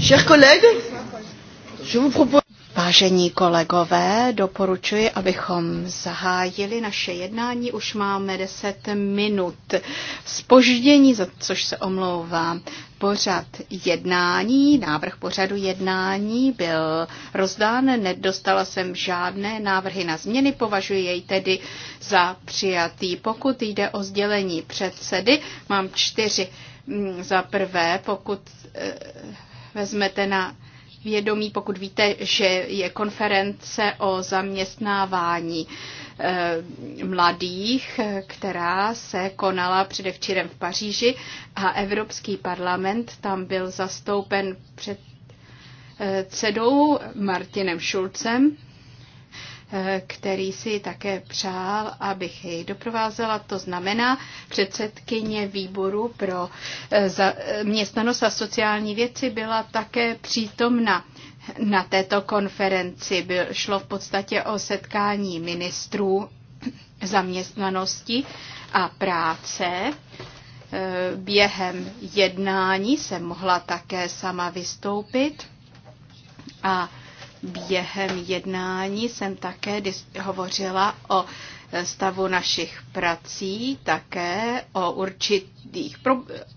Chers collègues, je vous propose... Vážení kolegové, doporučuji, abychom zahájili naše jednání. Už máme 10 minut spoždění, za což se omlouvám. Pořad jednání, návrh pořadu jednání byl rozdán, nedostala jsem žádné návrhy na změny, považuji jej tedy za přijatý. Pokud jde o sdělení předsedy, mám čtyři. Mm, za prvé, pokud eh, vezmete na vědomí, pokud víte, že je konference o zaměstnávání eh, mladých, která se konala předevčírem v Paříži a Evropský parlament tam byl zastoupen před eh, cedou Martinem Šulcem který si také přál, abych jej doprovázela. To znamená předsedkyně výboru pro eh, eh, městnanost a sociální věci byla také přítomna na této konferenci. Byl, šlo v podstatě o setkání ministrů zaměstnanosti a práce. Eh, během jednání se mohla také sama vystoupit a Během jednání jsem také hovořila o stavu našich prací, také o určitých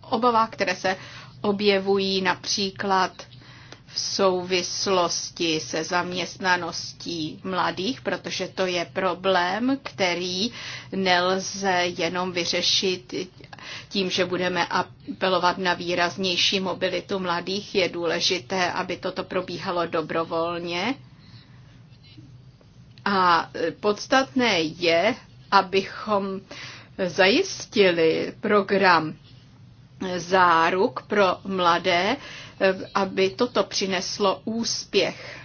obavách, které se objevují například v souvislosti se zaměstnaností mladých, protože to je problém, který nelze jenom vyřešit tím, že budeme apelovat na výraznější mobilitu mladých. Je důležité, aby toto probíhalo dobrovolně. A podstatné je, abychom zajistili program záruk pro mladé, Eh, aby toto přineslo úspěch.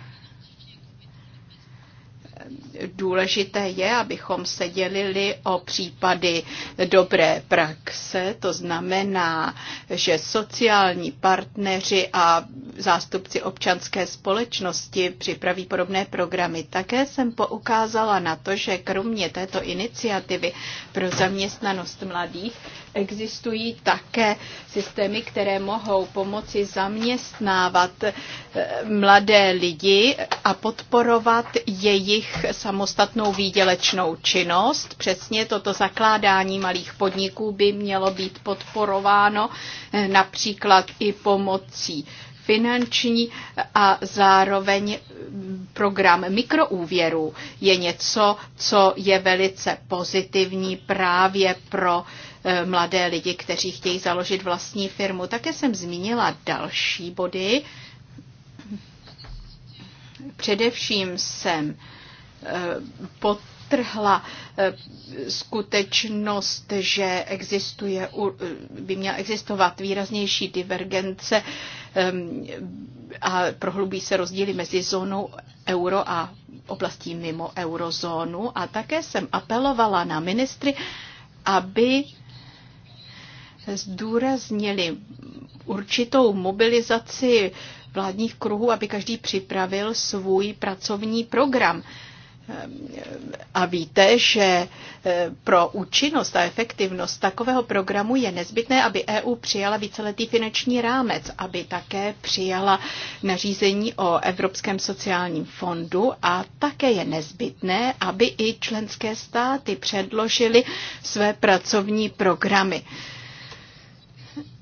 Důležité je, abychom se dělili o případy dobré praxe, to znamená, že sociální partneři a zástupci občanské společnosti připraví podobné programy. Také jsem poukázala na to, že kromě této iniciativy pro zaměstnanost mladých existují také systémy, které mohou pomoci zaměstnávat eh, mladé lidi a podporovat jejich samostatnou výdělečnou činnost. Přesně toto zakládání malých podniků by mělo být podporováno eh, například i pomocí finanční a zároveň eh, program mikroúvěrů je něco, co je velice pozitivní právě pro uh, Eh, mladé lidi, kteří chtějí založit vlastní firmu. Také jsem zmínila další body. Především jsem eh, potrhla eh, skutečnost, že existuje, by měla existovat výraznější divergence a prohlubí se rozdíly mezi zónou euro a oblastí mimo eurozónu. A také jsem apelovala na ministry, aby zdůraznili určitou mobilizaci vládních kruhů, aby každý připravil svůj pracovní program. A víte, že eh, pro účinnost a efektivnost takového programu je nezbytné, aby EU přijala víceletý finanční rámec, aby také přijala nařízení o Evropském sociálním fondu a také je nezbytné, aby i členské státy předložily své pracovní programy.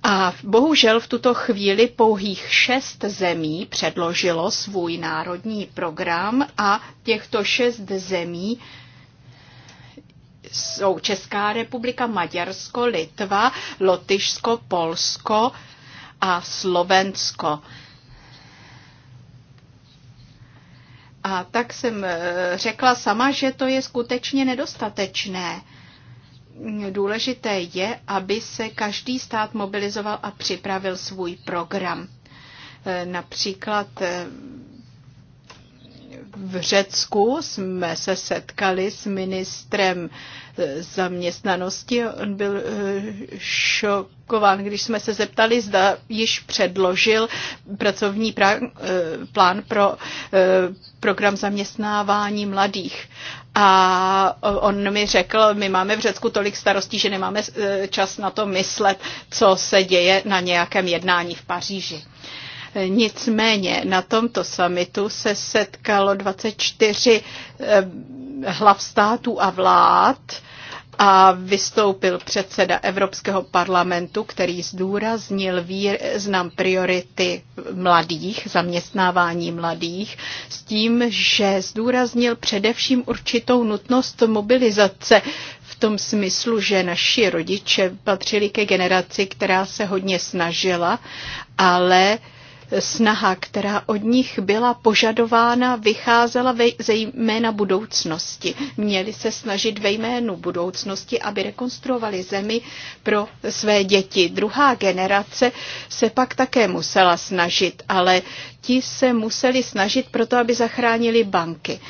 A bohužel v tuto chvíli pouhých šest zemí předložilo svůj národní program a těchto šest zemí jsou Česká republika, Maďarsko, Litva, Lotyšsko, Polsko a Slovensko. A tak jsem eh, řekla sama, že to je skutečně nedostatečné důležité je, aby se každý stát mobilizoval a připravil svůj program. E, například e, v Řecku jsme se setkali s ministrem e, zaměstnanosti. On byl šokován, když jsme se zeptali, zda již předložil pracovní plán pro program zaměstnávání mladých. A on mi řekl, my máme v Řecku tolik starostí, že nemáme e, čas na to myslet, co se děje na nějakém jednání v Paříži. E, nicméně na tomto samitu se setkalo 24 e, hlav států a vlád, a vystoupil předseda Evropského parlamentu, který zdůraznil význam priority mladých, zaměstnávání mladých, s tím, že zdůraznil především určitou nutnost mobilizace v tom smyslu, že naši rodiče patřili ke generaci, která se hodně snažila, ale uh, snaha, která od nich byla požadována, vycházela ve, ze jména budoucnosti. Měli se snažit ve jménu budoucnosti, aby rekonstruovali zemi pro své děti. Druhá generace se pak také musela snažit, ale ti se museli snažit proto, aby zachránili banky.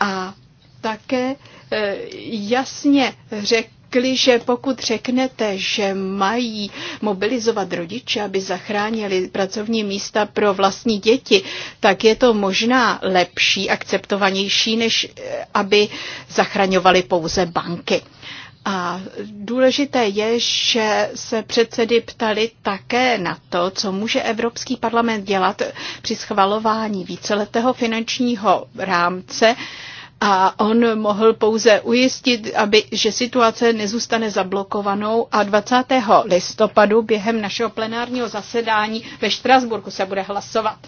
A také eh, jasně řekl, že pokud řeknete, že mají mobilizovat rodiče, aby zachránili pracovní místa pro vlastní děti, tak je to možná lepší, akceptovanější, než eh, aby zachraňovali pouze banky. A důležité je, že se předsedy ptali také na to, co může Evropský parlament dělat při schvalování víceletého finančního rámce a on mohl pouze ujistit, aby, že situace nezůstane zablokovanou a 20. listopadu během našeho plenárního zasedání ve Štrasburku se bude hlasovat.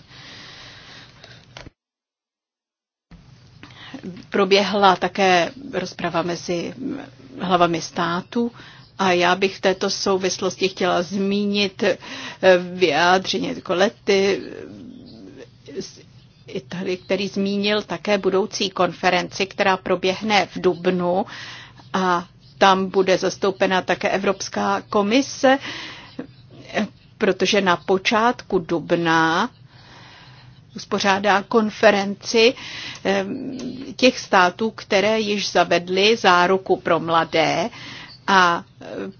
Proběhla také rozprava mezi hlavami států a já bych v této souvislosti chtěla zmínit eh, vyjádření Kolety, Italy, který zmínil také budoucí konferenci, která proběhne v Dubnu a tam bude zastoupena také Evropská komise, protože na počátku dubna uspořádá konferenci eh, těch států, které již zavedly záruku pro mladé a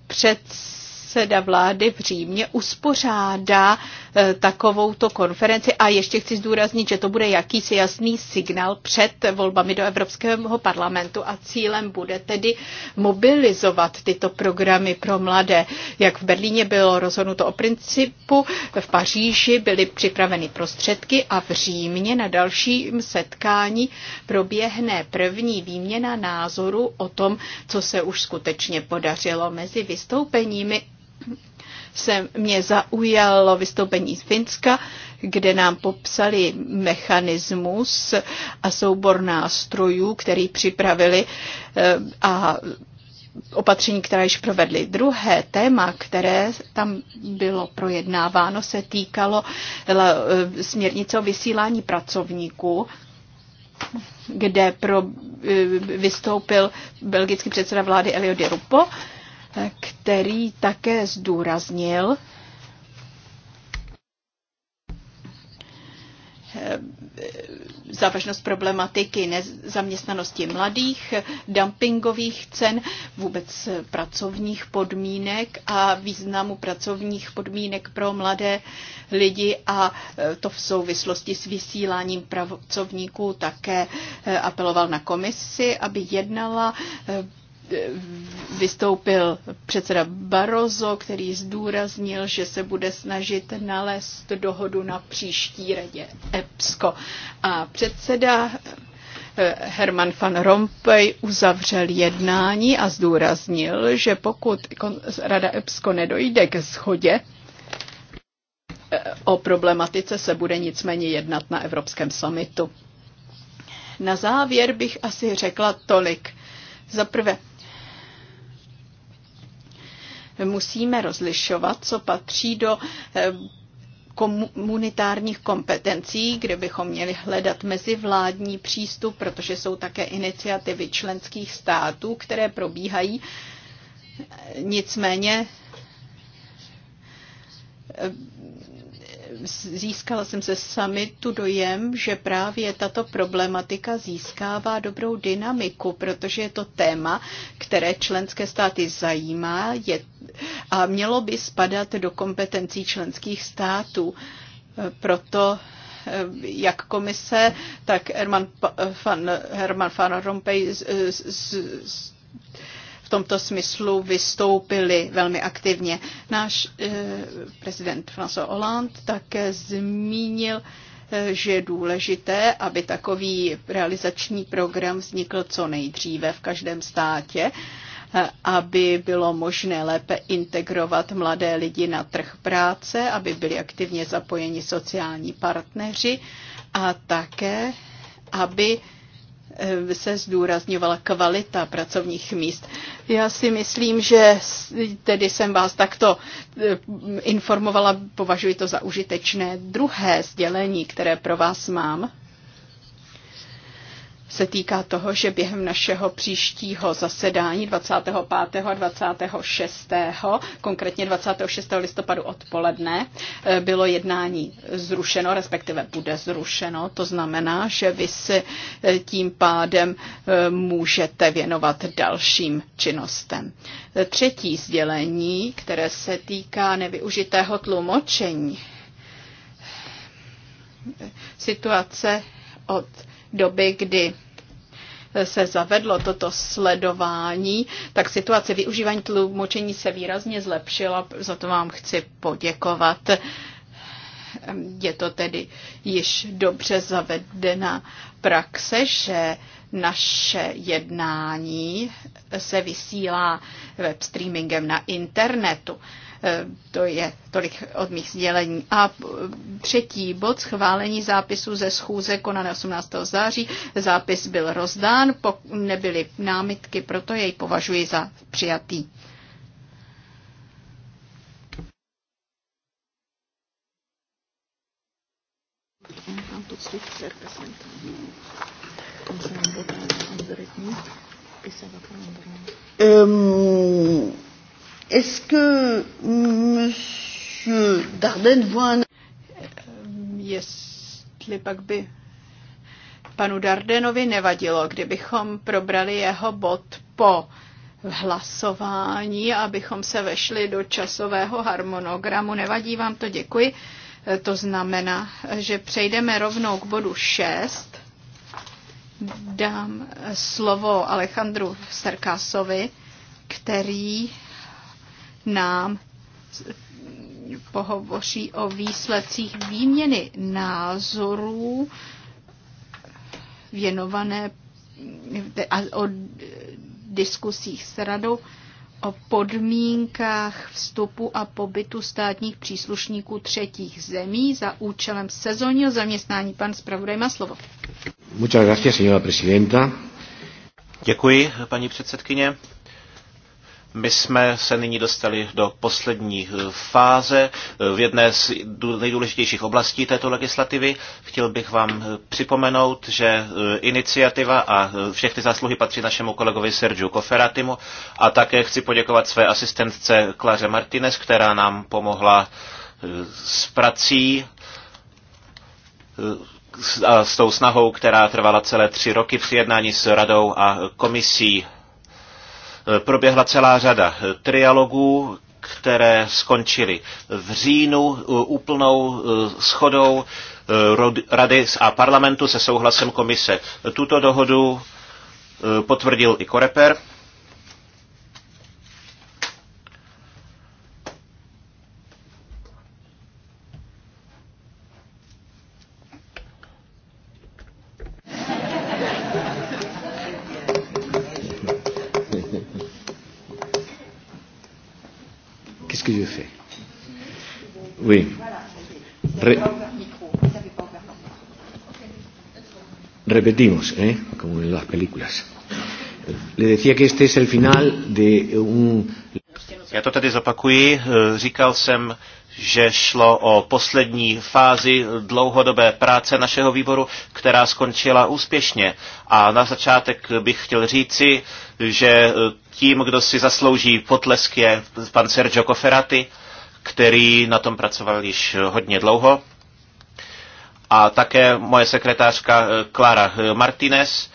před eh, předseda vlády v Římě uspořádá Eh, takovouto konferenci. A ještě chci zdůraznit, že to bude jakýsi jasný signál před volbami do Evropského parlamentu a cílem bude tedy mobilizovat tyto programy pro mladé. Jak v Berlíně bylo rozhodnuto o principu, v Paříži byly připraveny prostředky a v Římě na dalším setkání proběhne první výměna názoru o tom, co se už skutečně podařilo mezi vystoupeními se mě zaujalo vystoupení z Finska, kde nám popsali mechanismus a soubor nástrojů, který připravili eh, a opatření, které již provedli. Druhé téma, které tam bylo projednáváno, se týkalo eh, směrnice o vysílání pracovníků kde pro, eh, vystoupil belgický předseda vlády Elio de Rupo který také zdůraznil, eh, závažnost problematiky nezaměstnanosti mladých, dumpingových cen, vůbec pracovních podmínek a významu pracovních podmínek pro mladé lidi a eh, to v souvislosti s vysíláním pracovníků také eh, apeloval na komisi, aby jednala vystoupil předseda Barroso, který zdůraznil, že se bude snažit nalézt dohodu na příští radě EPSCO. A předseda eh, Herman van Rompuy uzavřel jednání a zdůraznil, že pokud Rada EPSCO nedojde ke shodě, eh, o problematice se bude nicméně jednat na Evropském summitu. Na závěr bych asi řekla tolik. Za prvé, musíme rozlišovat, co patří do eh, komunitárních kompetencí, kde bychom měli hledat mezivládní přístup, protože jsou také iniciativy členských států, které probíhají. Nicméně eh, získala jsem ze summitu dojem, že právě tato problematika získává dobrou dynamiku, protože je to téma, které členské státy zajímá je, a mělo by spadat do kompetencí členských států. Proto eh, jak komise, tak Herman van, eh, Herman van Rompuy z, z, z, tomto smyslu vystoupili velmi aktivně. Náš eh, prezident François Hollande také zmínil, eh, že je důležité, aby takový realizační program vznikl co nejdříve v každém státě, eh, aby bylo možné lépe integrovat mladé lidi na trh práce, aby byli aktivně zapojeni sociální partneři a také, aby Eh, se zdůrazňovala kvalita pracovních míst. Já si myslím, že tedy jsem vás takto eh, informovala, považuji to za užitečné. Druhé sdělení, které pro vás mám, se týká toho, že během našeho příštího zasedání 25. a 26. konkrétně 26. listopadu odpoledne eh, bylo jednání zrušeno, respektive bude zrušeno. To znamená, že vy se eh, tím pádem eh, můžete věnovat dalším činnostem. Třetí sdělení, které se týká nevyužitého tlumočení. Situace od doby, kdy se zavedlo toto sledování, tak situace využívání tlumočení se výrazně zlepšila, za to vám chci poděkovat. Je to tedy již dobře zavedena praxe, že naše jednání se vysílá web streamingem na internetu. Eh, to je tolik od mých sdělení. A eh, třetí bod schválení zápisu ze schůze konané 18. září. Zápis byl rozdán, nebyly námitky, proto jej považuji za přijatý. Um, Est-ce que mm, Monsieur Darden voit un... Jestli pak by panu Dardenovi nevadilo, kdybychom probrali jeho bod po hlasování, abychom se vešli do časového harmonogramu. Nevadí vám to, děkuji. To znamená, že přejdeme rovnou k bodu 6. Dám slovo Alejandru Serkásovi, který nám pohovoří o výsledcích výměny názorů věnované a o diskusích s radou o podmínkách vstupu a pobytu státních příslušníků třetích zemí za účelem sezónního zaměstnání. Pan zpravodaj má slovo. Muchas gracias, señora presidenta. Děkuji, paní předsedkyně. My jsme se nyní dostali do poslední eh, fáze eh, v jedné z nejdůležitějších oblastí této legislativy. Chtěl bych vám eh, připomenout, že iniciativa a všechny zásluhy patří našemu kolegovi Sergiu Koferatimu a také chci poděkovat své asistentce Klaře Martinez, která nám pomohla s prací a s tou snahou, která trvala celé tři roky při jednání s radou a komisí Eh, proběhla celá řada eh, trialogů, které skončily v říjnu eh, úplnou schodou Rady a parlamentu se souhlasem komise. Tuto dohodu potvrdil i Koreper. Re repetimos, ¿eh? como en las películas. Le decía que este es el final de un... Já to tedy zopakuji. Eh, říkal jsem, že šlo o poslední fázi dlouhodobé práce našeho výboru, která skončila úspěšně. A na začátek bych chtěl říci, že eh, tím, kdo si zaslouží potlesk, je pan Sergio Coferati který na tom pracoval již hodně dlouho. A také moje sekretářka Klara eh, eh, Martinez.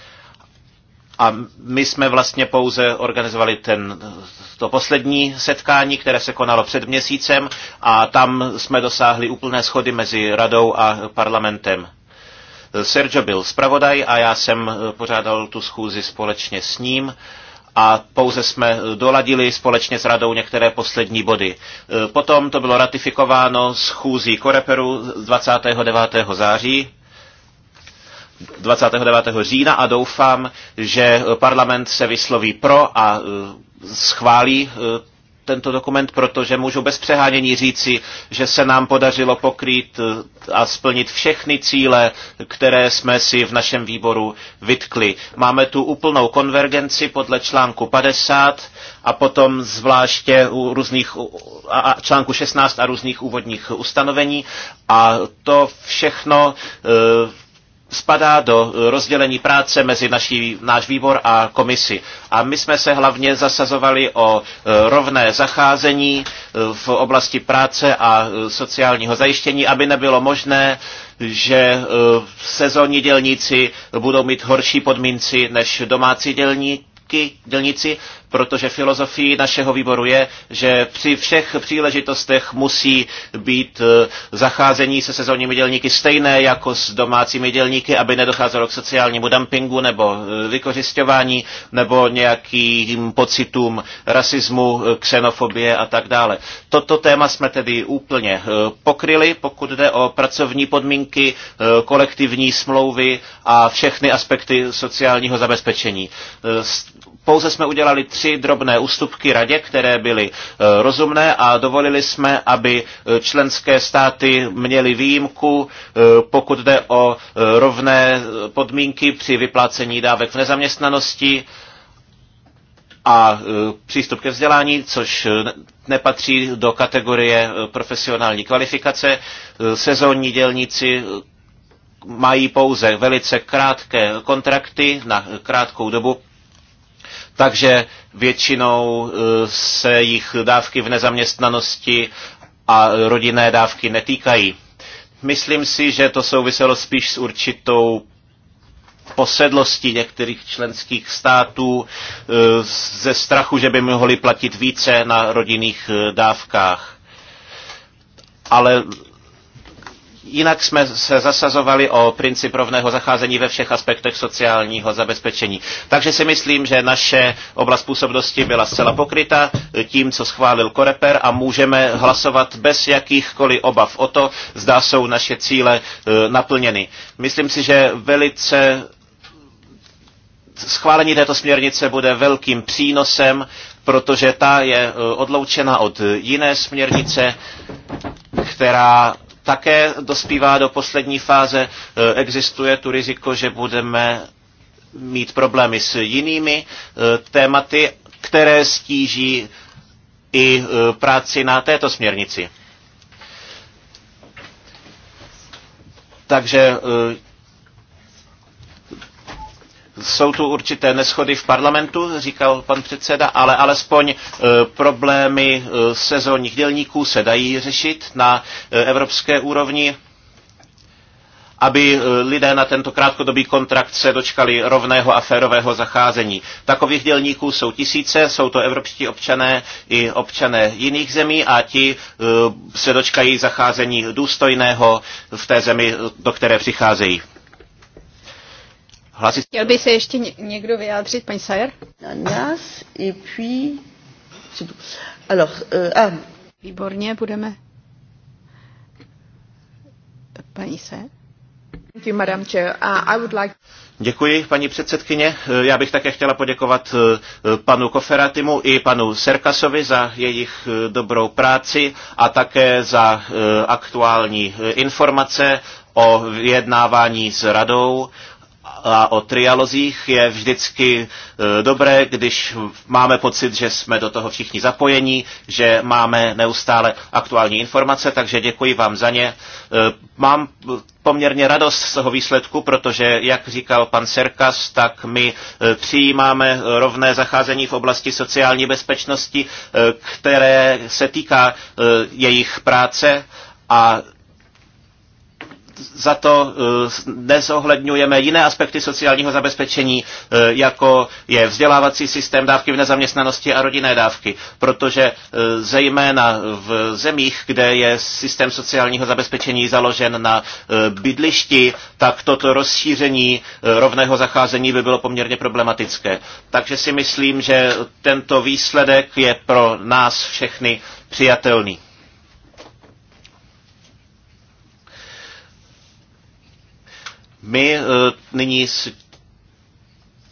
A my jsme vlastně pouze organizovali ten, to poslední setkání, které se konalo před měsícem a tam jsme dosáhli úplné schody mezi radou a parlamentem. Eh, Sergio byl zpravodaj a já jsem pořádal tu schůzi společně s ním. Uh, a pouze jsme doladili společně s radou některé poslední body. E, potom to bylo ratifikováno schůzí Koreperu 29. září 29. října a doufám, že parlament se vysloví pro a e, schválí e, tento dokument, protože můžu bez přehánění říci, že se nám podařilo pokrýt eh, a splnit všechny cíle, které jsme si v našem výboru vytkli. Máme tu úplnou konvergenci podle článku 50 a potom zvláště u různých, a článku 16 a různých úvodních ustanovení a to všechno eh, spadá do rozdělení práce mezi naší, náš výbor a komisi. A my jsme se hlavně zasazovali o e, rovné zacházení e, v oblasti práce a e, sociálního zajištění, aby nebylo možné, že sezónní dělníci budou mít horší podmínci než domácí dělníky, dělníci protože filozofií našeho výboru je, že při všech příležitostech musí být e, zacházení se sezónními dělníky stejné jako s domácími dělníky, aby nedocházelo k sociálnímu dumpingu nebo e, vykořišťování nebo nějakým pocitům rasismu, xenofobie e, a tak dále. Toto téma jsme tedy úplně pokryli, pokud jde o pracovní podmínky, kolektivní smlouvy a všechny aspekty sociálního zabezpečení. Pouze jsme udělali tři drobné ústupky radě, které byly e, rozumné a dovolili jsme, aby e, členské státy měly výjimku, e, pokud jde o rovné podmínky při vyplácení dávek v nezaměstnanosti a přístup ke vzdělání, což nepatří do kategorie profesionální kvalifikace. Sezónní dělníci mají pouze velice krátké kontrakty na krátkou dobu takže většinou eh, se jich dávky v nezaměstnanosti a rodinné dávky netýkají. Myslím si, že to souviselo spíš s určitou posedlosti některých členských států eh, ze strachu, že by mohli platit více na rodinných eh, dávkách. Ale Jinak jsme se zasazovali o princip rovného zacházení ve všech aspektech sociálního zabezpečení. Takže si myslím, že naše oblast působnosti byla zcela pokryta tím, co schválil Koreper a můžeme hlasovat bez jakýchkoliv obav o to, zda jsou naše cíle e, naplněny. Myslím si, že velice schválení této směrnice bude velkým přínosem, protože ta je e, odloučena od jiné směrnice, která také dospívá do poslední fáze. E, existuje tu riziko, že budeme mít problémy s jinými e, tématy, které stíží i e, práci na této směrnici. Takže jsou tu určité neschody v parlamentu, říkal pan předseda, ale alespoň e, problémy e, sezónních dělníků se dají řešit na e, evropské úrovni aby lidé na tento krátkodobý kontrakt se dočkali rovného a férového zacházení. Takových dělníků jsou tisíce, jsou to evropští občané i občané jiných zemí a ti se dočkají zacházení důstojného v té zemi, do které přicházejí hlásit. Chtěl by se ještě někdo vyjádřit, paní Sajer? Nás i puis... Alors, uh, ah. Výborně, budeme. Paní Sajer? Uh, Děkuji, paní předsedkyně. Eh, já bych také chtěla poděkovat eh, panu Koferatimu i panu Serkasovi za jejich eh, dobrou práci a také za aktuální informace o vyjednávání s radou a o trialozích je vždycky e, dobré, když máme pocit, že jsme do toho všichni zapojení, že máme neustále aktuální informace, takže děkuji vám za ně. E, mám poměrně radost z toho výsledku, protože, jak říkal pan Serkas, tak my přijímáme e, rovné zacházení v oblasti sociální bezpečnosti, které se týká jejich práce a za to eh, nezohledňujeme jiné aspekty sociálního zabezpečení, eh, jako je vzdělávací systém, dávky v nezaměstnanosti a rodinné dávky, protože eh, zejména v zemích, kde je systém sociálního zabezpečení založen na bydlišti, tak toto rozšíření rovného zacházení by bylo poměrně problematické. Takže si myslím, že tento výsledek je pro nás všechny přijatelný. My eh, nyní s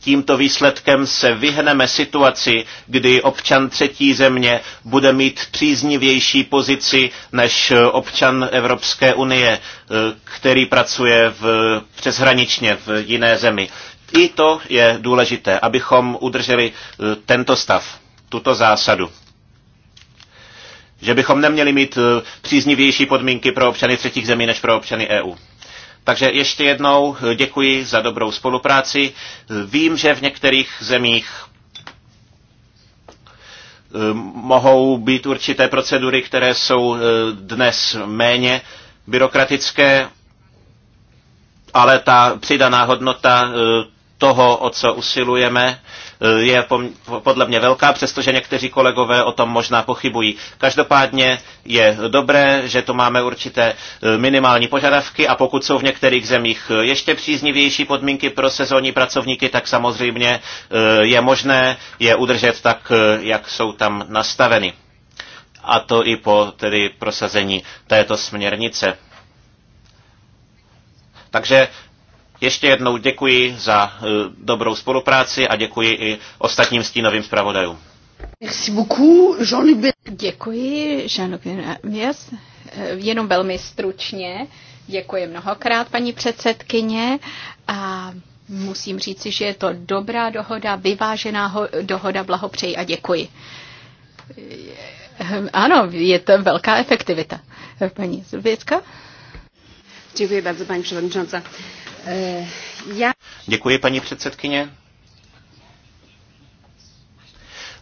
tímto výsledkem se vyhneme situaci, kdy občan třetí země bude mít příznivější pozici než eh, občan Evropské unie, eh, který pracuje v, přeshraničně v jiné zemi. I to je důležité, abychom udrželi tento stav, tuto zásadu. Že bychom neměli mít příznivější podmínky pro občany třetích zemí než pro občany EU. Takže ještě jednou děkuji za dobrou spolupráci. Vím, že v některých zemích eh, mohou být určité procedury, které jsou eh, dnes méně byrokratické, ale ta přidaná hodnota eh, toho, o co usilujeme, eh, je podle mě velká, přestože někteří kolegové o tom možná pochybují. Každopádně je dobré, že tu máme určité eh, minimální požadavky a pokud jsou v některých zemích eh, ještě příznivější podmínky pro sezónní pracovníky, tak samozřejmě je možné je udržet tak, jak jsou tam nastaveny. A to i po tedy prosazení této směrnice. Takže ještě jednou děkuji za eh, dobrou spolupráci a děkuji i ostatním stínovým zpravodajům. Merci beaucoup, Jean-Luc Děkuji, Jean-Luc yes. Eh, jenom velmi stručně. Děkuji mnohokrát, paní předsedkyně. A musím říci, že je to dobrá dohoda, vyvážená dohoda, blahopřeji a děkuji. Eh, ano, je to velká efektivita. Paní Zubětka? Děkuji bardzo, paní předsedkyně. Já... Děkuji, paní předsedkyně.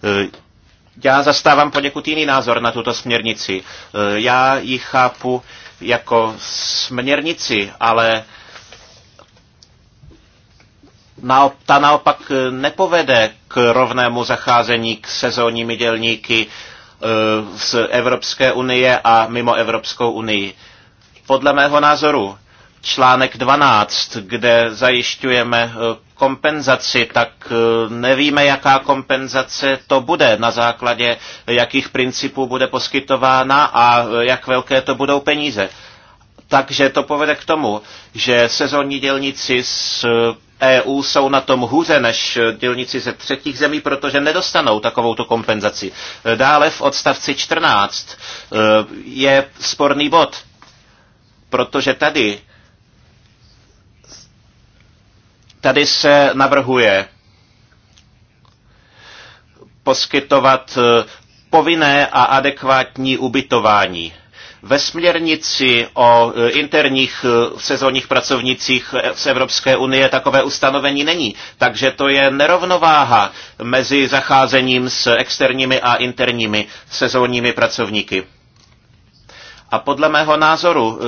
E, já zastávám poněkud jiný názor na tuto směrnici. E, já ji chápu jako směrnici, ale ta naopak nepovede k rovnému zacházení k sezónními dělníky e, z Evropské unie a mimo Evropskou unii. Podle mého názoru článek 12, kde zajišťujeme eh, kompenzaci, tak eh, nevíme, jaká kompenzace to bude, na základě jakých principů bude poskytována a eh, jak velké to budou peníze. Takže to povede k tomu, že sezónní dělníci z EU e jsou na tom hůře než dělníci ze třetích zemí, protože nedostanou takovou tu kompenzaci. Dále v odstavci 14 je sporný bod, protože tady Tady se navrhuje poskytovat eh, povinné a adekvátní ubytování. Ve směrnici o eh, interních eh, sezónních pracovnicích z Evropské unie takové ustanovení není. Takže to je nerovnováha mezi zacházením s externími a interními sezónními pracovníky. A podle mého názoru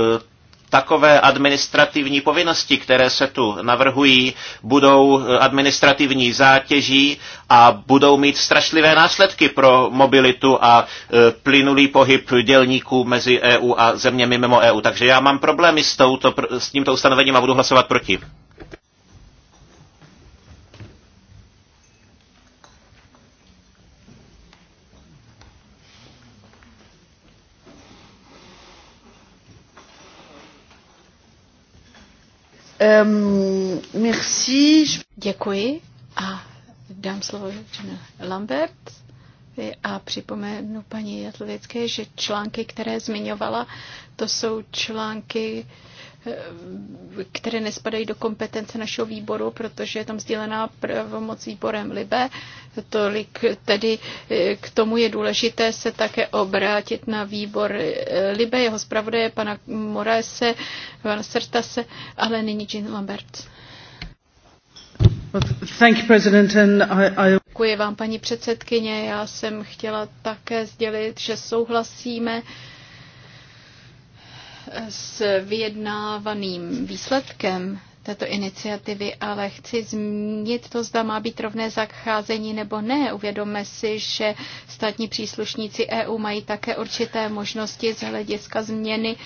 takové administrativní povinnosti, které se tu navrhují, budou eh, administrativní zátěží a budou mít strašlivé následky pro mobilitu a eh, plynulý pohyb dělníků mezi EU a zeměmi mimo EU. Takže já mám problémy s, touto, s tímto ustanovením a budu hlasovat proti. Um, merci. Děkuji a dám slovo Lambert a připomenu paní Jatlovické, že články, které zmiňovala, to jsou články, Eh, které nespadají do kompetence našeho výboru, protože je tam sdílená pravomoc výborem Libe. Tolik tedy eh, k tomu je důležité se také obrátit na výbor eh, Libe, jeho zpravodaje, pana Moraese, pana Sertase, ale nyní Jean Lambert. Děkuji vám, paní předsedkyně. Já jsem chtěla také sdělit, že souhlasíme s vyjednávaným výsledkem této iniciativy, ale chci zmínit to, zda má být rovné zacházení nebo ne. Uvědomme si, že státní příslušníci EU mají také určité možnosti z hlediska změny uh,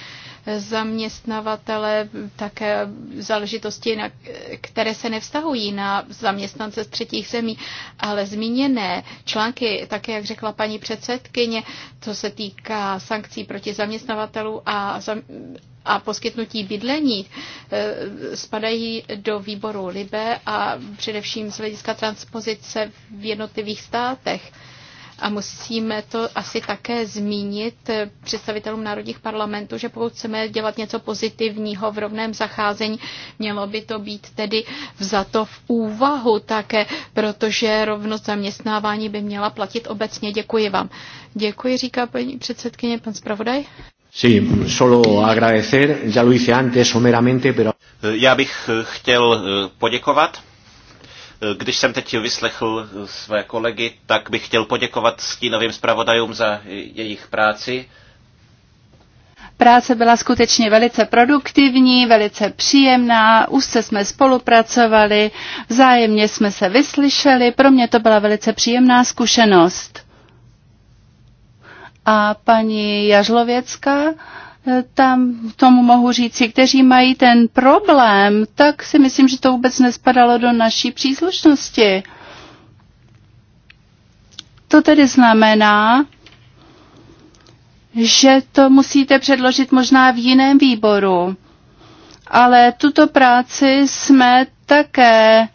zaměstnavatele také záležitosti, na, které se nevztahují na zaměstnance z třetích zemí, ale zmíněné články, také jak řekla paní předsedkyně, co se týká sankcí proti zaměstnavatelů a zam, a poskytnutí bydlení eh, spadají do výboru LIBE a především z hlediska transpozice v jednotlivých státech. A musíme to asi také zmínit představitelům národních parlamentů, že pokud chceme dělat něco pozitivního v rovném zacházení, mělo by to být tedy vzato v úvahu také, protože rovnost zaměstnávání by měla platit obecně. Děkuji vám. Děkuji, říká paní předsedkyně, pan zpravodaj. Sí, solo agradecer, ya lo hice antes someramente, pero... Já bych chtěl eh, poděkovat když jsem teď vyslechl své kolegy, tak bych chtěl poděkovat stínovým zpravodajům za jejich práci. Práce byla skutečně velice produktivní, velice příjemná, úzce jsme spolupracovali, vzájemně jsme se vyslyšeli, pro mě to byla velice příjemná zkušenost. A paní Jažlověcka, tam tomu mohu říci, kteří mají ten problém, tak si myslím, že to vůbec nespadalo do naší příslušnosti. To tedy znamená, že to musíte předložit možná v jiném výboru. Ale tuto práci jsme také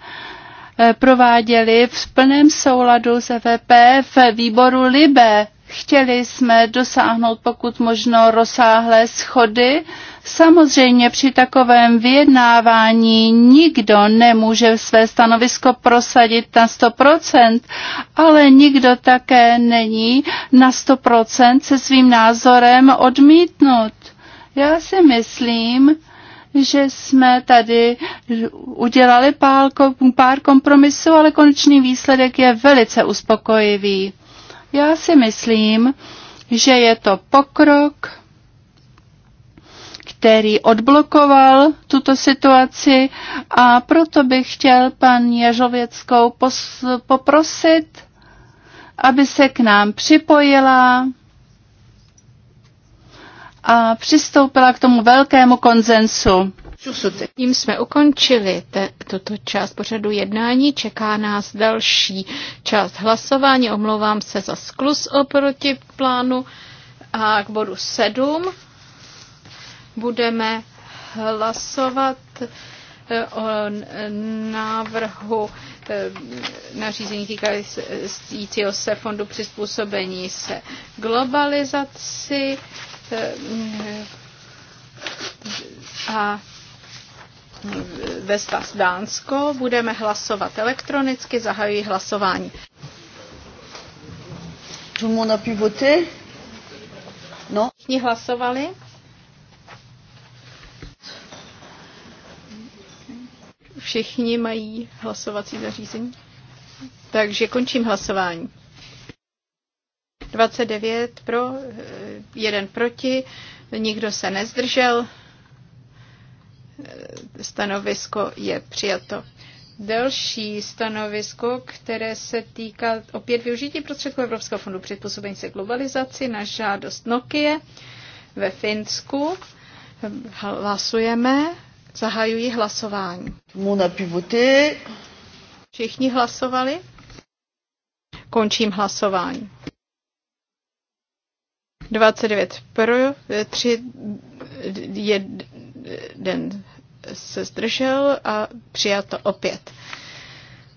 eh, prováděli v plném souladu s EVP v výboru LIBE Chtěli jsme dosáhnout pokud možno rozsáhlé schody. Samozřejmě při takovém vyjednávání nikdo nemůže své stanovisko prosadit na 100%, ale nikdo také není na 100% se svým názorem odmítnut. Já si myslím, že jsme tady udělali pár kompromisů, ale konečný výsledek je velice uspokojivý. Já si myslím, že je to pokrok, který odblokoval tuto situaci a proto bych chtěl pan Jažověckou poprosit, aby se k nám připojila a přistoupila k tomu velkému konzensu. Tím jsme ukončili te, tuto část pořadu jednání. Čeká nás další část hlasování. Omlouvám se za sklus oproti plánu. A k bodu 7 budeme hlasovat eh, o návrhu eh, nařízení týkajícího se fondu přizpůsobení se globalizaci eh, mm, a ve svaz Dánsko. Budeme hlasovat elektronicky, zahajují hlasování. Tout le monde a pu voter? No. Všichni hlasovali? Všichni mají hlasovací zařízení? Takže končím hlasování. 29 pro, 1 eh, proti, nikdo se nezdržel. Stanovisko je přijato. Další stanovisko, které se týká opět využití prostředků Evropského fondu přizpůsobení se globalizaci na žádost Nokia ve Finsku. Hlasujeme. Zahajují hlasování. Všichni hlasovali? Končím hlasování. 29 pro, 3, 1, Den se zdržel a přijato opět.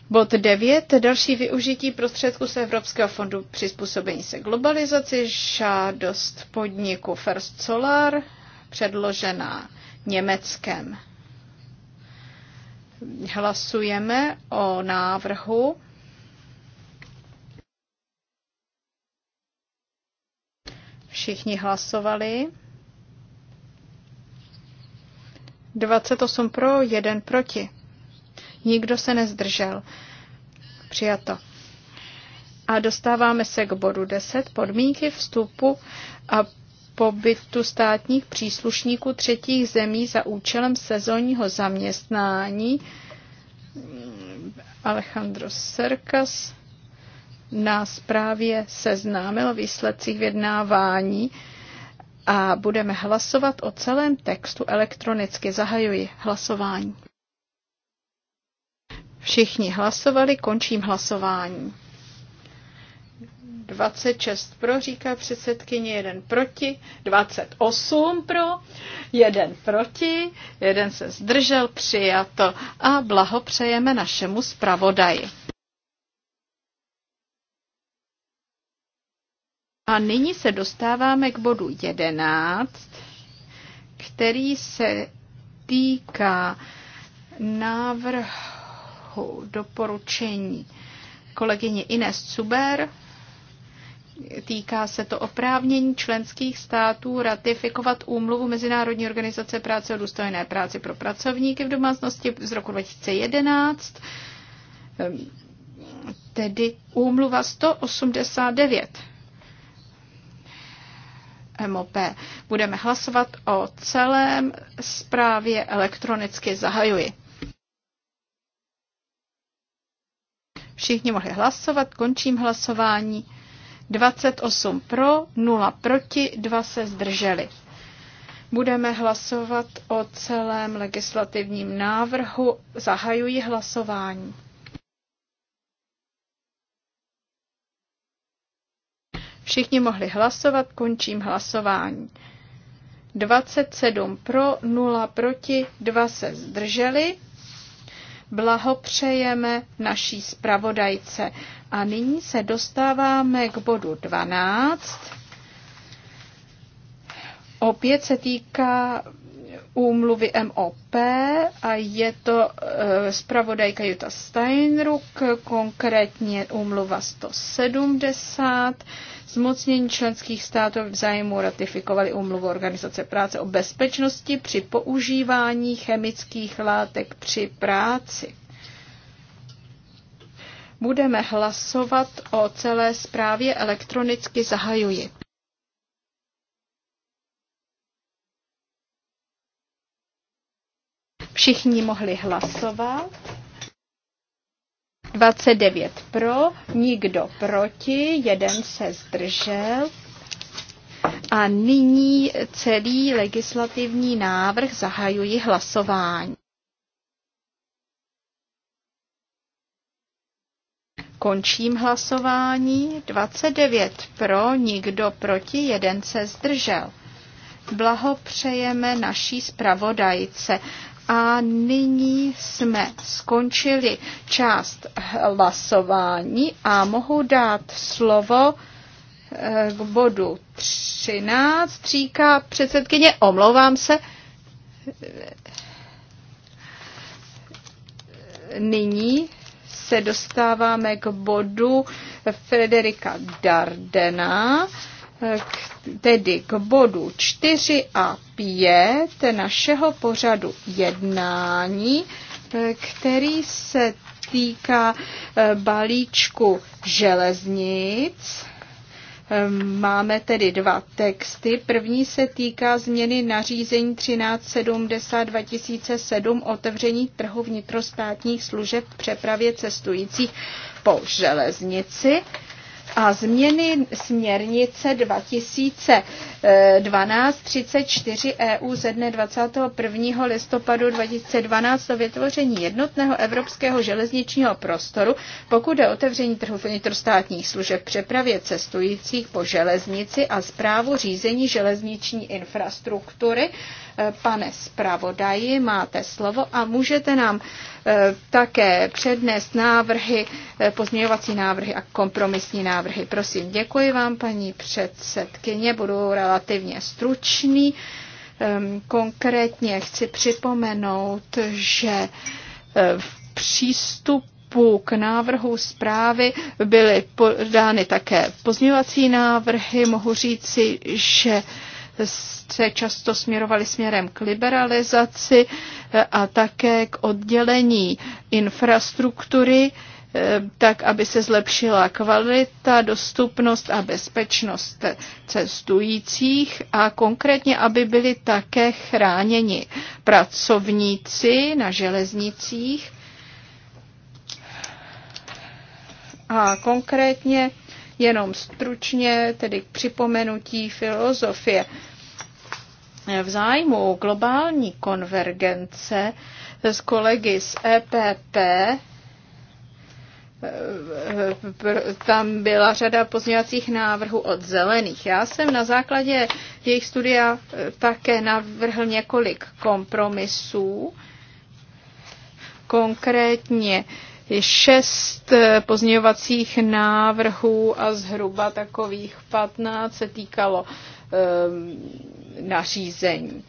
Bod 9. Další využití prostředků z Evropského fondu přizpůsobení se globalizaci. Žádost podniku First Solar předložená Německem. Hlasujeme o návrhu. Všichni hlasovali. 28 pro, 1 proti. Nikdo se nezdržel. Přijato. A dostáváme se k bodu 10. Podmínky vstupu a pobytu státních příslušníků třetích zemí za účelem sezónního zaměstnání. Alejandro Serkas nás právě seznámil výsledcích vědnávání a budeme hlasovat o celém textu elektronicky. Zahajuji hlasování. Všichni hlasovali, končím hlasování. 26 pro, říká předsedkyně, jeden proti, 28 pro, jeden proti, jeden se zdržel, přijato a blahopřejeme našemu zpravodaji. A nyní se dostáváme k bodu 11, který se týká návrhu doporučení kolegyně Ines Cuber. Týká se to oprávnění členských států ratifikovat úmluvu Mezinárodní organizace práce o důstojné práci pro pracovníky v domácnosti z roku 2011, tedy úmluva 189 MOP. Budeme hlasovat o celém zprávě elektronicky zahajuji. Všichni mohli hlasovat, končím hlasování. 28 pro, 0 proti, 2 se zdrželi. Budeme hlasovat o celém legislativním návrhu. Zahajuji hlasování. Všichni mohli hlasovat, končím hlasování. 27 pro, 0 proti, 2 se zdrželi. Blahopřejeme naší zpravodajce. A nyní se dostáváme k bodu 12. Opět se týká úmluvy MOP a je to e, zpravodajka Jutta Steinruck, konkrétně úmluva 170. Zmocnění členských států v zájmu ratifikovali úmluvu Organizace práce o bezpečnosti při používání chemických látek při práci. Budeme hlasovat o celé zprávě elektronicky zahajuji. Všichni mohli hlasovat. 29 pro, nikdo proti, jeden se zdržel. A nyní celý legislativní návrh zahajuji hlasování. Končím hlasování. 29 pro, nikdo proti, jeden se zdržel. Blahopřejeme naší zpravodajce. A nyní jsme skončili část hlasování a mohu dát slovo eh, k bodu 13, říká předsedkyně, omlouvám se. Nyní se dostáváme k bodu Frederika Dardena k, tedy k bodu 4 a 5 našeho pořadu jednání, eh, který se týká eh, balíčku železnic. Eh, máme tedy dva texty. První se týká změny nařízení 1370 2007 otevření trhu vnitrostátních služeb v přepravě cestujících po železnici a změny směrnice 2012-34 EU ze dne 21. listopadu 2012 o vytvoření jednotného evropského železničního prostoru, pokud je otevření trhu vnitrostátních služeb přepravě cestujících po železnici a zprávu řízení železniční infrastruktury, Pane zpravodaji, máte slovo a můžete nám eh, také přednést návrhy, eh, pozměňovací návrhy a kompromisní návrhy. Prosím, děkuji vám, paní předsedkyně, budu relativně stručný. Ehm, konkrétně chci připomenout, že eh, v přístupu k návrhu zprávy byly podány také pozměňovací návrhy. Mohu říci, že se často směrovaly směrem k liberalizaci e, a také k oddělení infrastruktury, e, tak aby se zlepšila kvalita, dostupnost a bezpečnost cestujících a konkrétně, aby byli také chráněni pracovníci na železnicích a konkrétně Jenom stručně, tedy k připomenutí filozofie. V zájmu globální konvergence s kolegy z EPP tam byla řada pozměňovacích návrhů od zelených. Já jsem na základě jejich studia také navrhl několik kompromisů, konkrétně je šest eh, pozměňovacích návrhů a zhruba takových 15 se týkalo um, nařízení.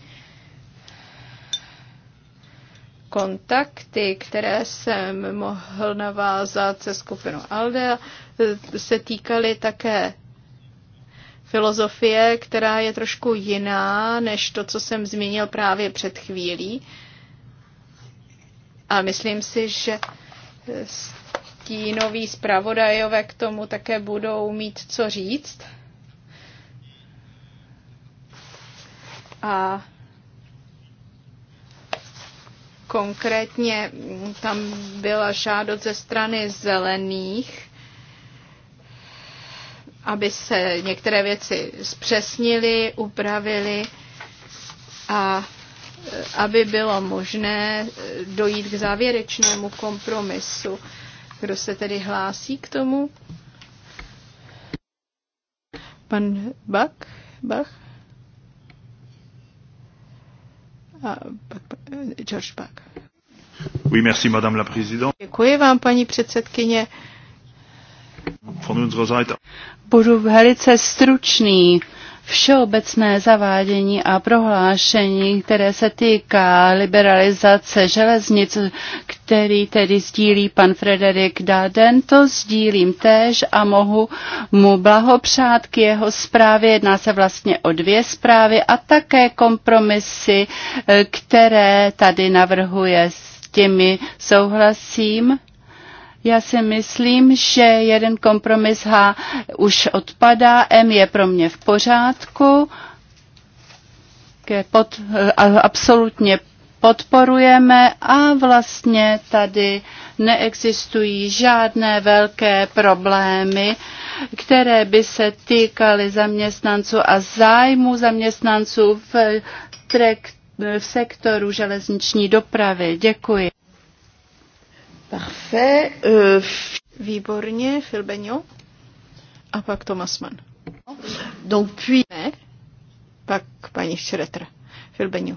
Kontakty, které jsem mohl navázat se skupinou Aldea, eh, se týkaly také filozofie, která je trošku jiná než to, co jsem zmínil právě před chvílí. A myslím si, že stínoví zpravodajové k tomu také budou mít co říct. A konkrétně tam byla žádost ze strany zelených, aby se některé věci zpřesnily, upravily a aby bylo možné eh, dojít k závěrečnému kompromisu. Kdo se tedy hlásí k tomu? Pan Bach? Bach? A pak, eh, George Bach. Oui, merci, madame la présidente. Děkuji vám, paní předsedkyně. Budu velice stručný všeobecné zavádění a prohlášení, které se týká liberalizace železnic, který tedy sdílí pan Frederik Daden, to sdílím též a mohu mu blahopřát k jeho zprávě. Jedná se vlastně o dvě zprávy a také kompromisy, eh, které tady navrhuje. S těmi souhlasím já si myslím, že jeden kompromis H už odpadá, M je pro mě v pořádku, je pod, absolutně podporujeme a vlastně tady neexistují žádné velké problémy, které by se týkaly zaměstnanců a zájmu zaměstnanců v, trek, v sektoru železniční dopravy. Děkuji. Parfait. Euh... Výborně, Filbeňo. A pak Thomas Mann. Donc puis... Ne, pak paní Šretr. Filbeňo.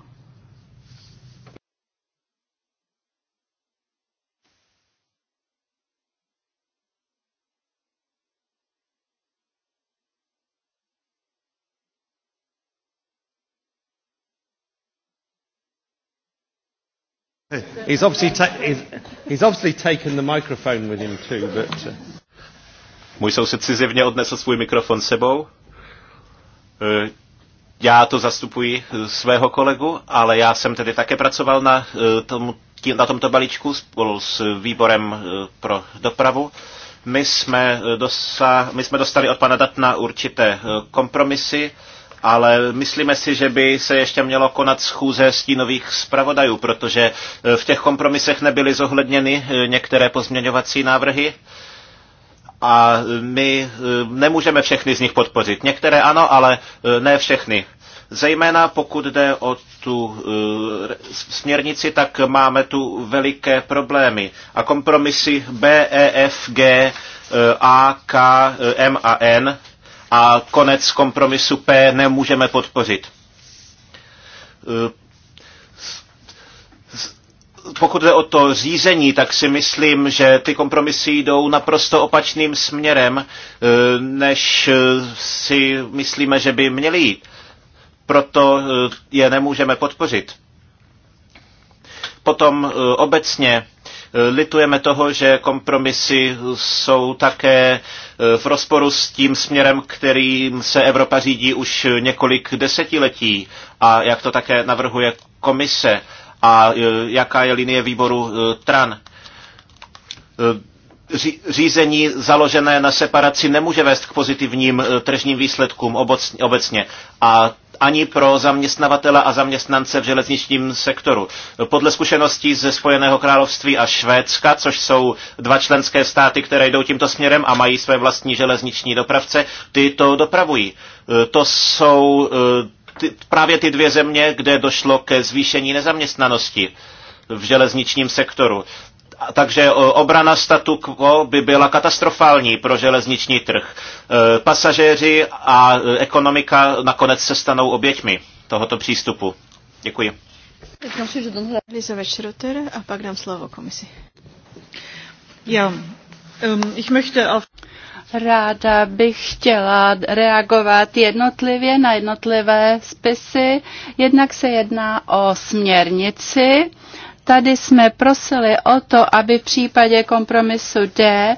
He's obviously, ta- he's, he's obviously taken the microphone with him too, but... Uh, Můj soused si zjevně odnesl svůj mikrofon sebou. Eh, já to zastupuji eh, svého kolegu, ale já jsem tedy také pracoval na, eh, tom, na tomto balíčku spolu s výborem pro dopravu. My jsme, dosa, my jsme dostali od pana Datna určité kompromisy, ale myslíme si, že by se ještě mělo konat schůze stínových zpravodajů, protože e, v těch kompromisech nebyly zohledněny e, některé pozměňovací návrhy a e, my nemůžeme všechny z nich podpořit. Některé ano, ale ne všechny. Zejména pokud jde o tu směrnici, tak máme tu veliké problémy. A kompromisy B, E, F, G, A, K, M a N a konec kompromisu P nemůžeme podpořit. E, pokud jde o to řízení, tak si myslím, že ty kompromisy jdou naprosto opačným směrem, e, než e, si myslíme, že by měly jít. Proto je nemůžeme podpořit. Potom obecně Litujeme toho, že kompromisy jsou také e, v rozporu s tím směrem, kterým se Evropa řídí už několik desetiletí a jak to také navrhuje komise a e, jaká je linie výboru e, TRAN řízení založené na separaci nemůže vést k pozitivním tržním výsledkům obecně. A ani pro zaměstnavatele a zaměstnance v železničním sektoru. Podle zkušeností ze Spojeného království a Švédska, což jsou dva členské státy, které jdou tímto směrem a mají své vlastní železniční dopravce, ty to dopravují. E, to jsou e, ty, právě ty dvě země, kde došlo ke zvýšení nezaměstnanosti v železničním sektoru takže eh, obrana statu quo by byla katastrofální pro železniční trh. Eh, pasažéři a eh, ekonomika nakonec se stanou oběťmi tohoto přístupu. Děkuji. a pak dám slovo komisi. Já, Ráda bych chtěla reagovat jednotlivě na jednotlivé spisy. Jednak se jedná o směrnici, Tady jsme prosili o to, aby v případě kompromisu D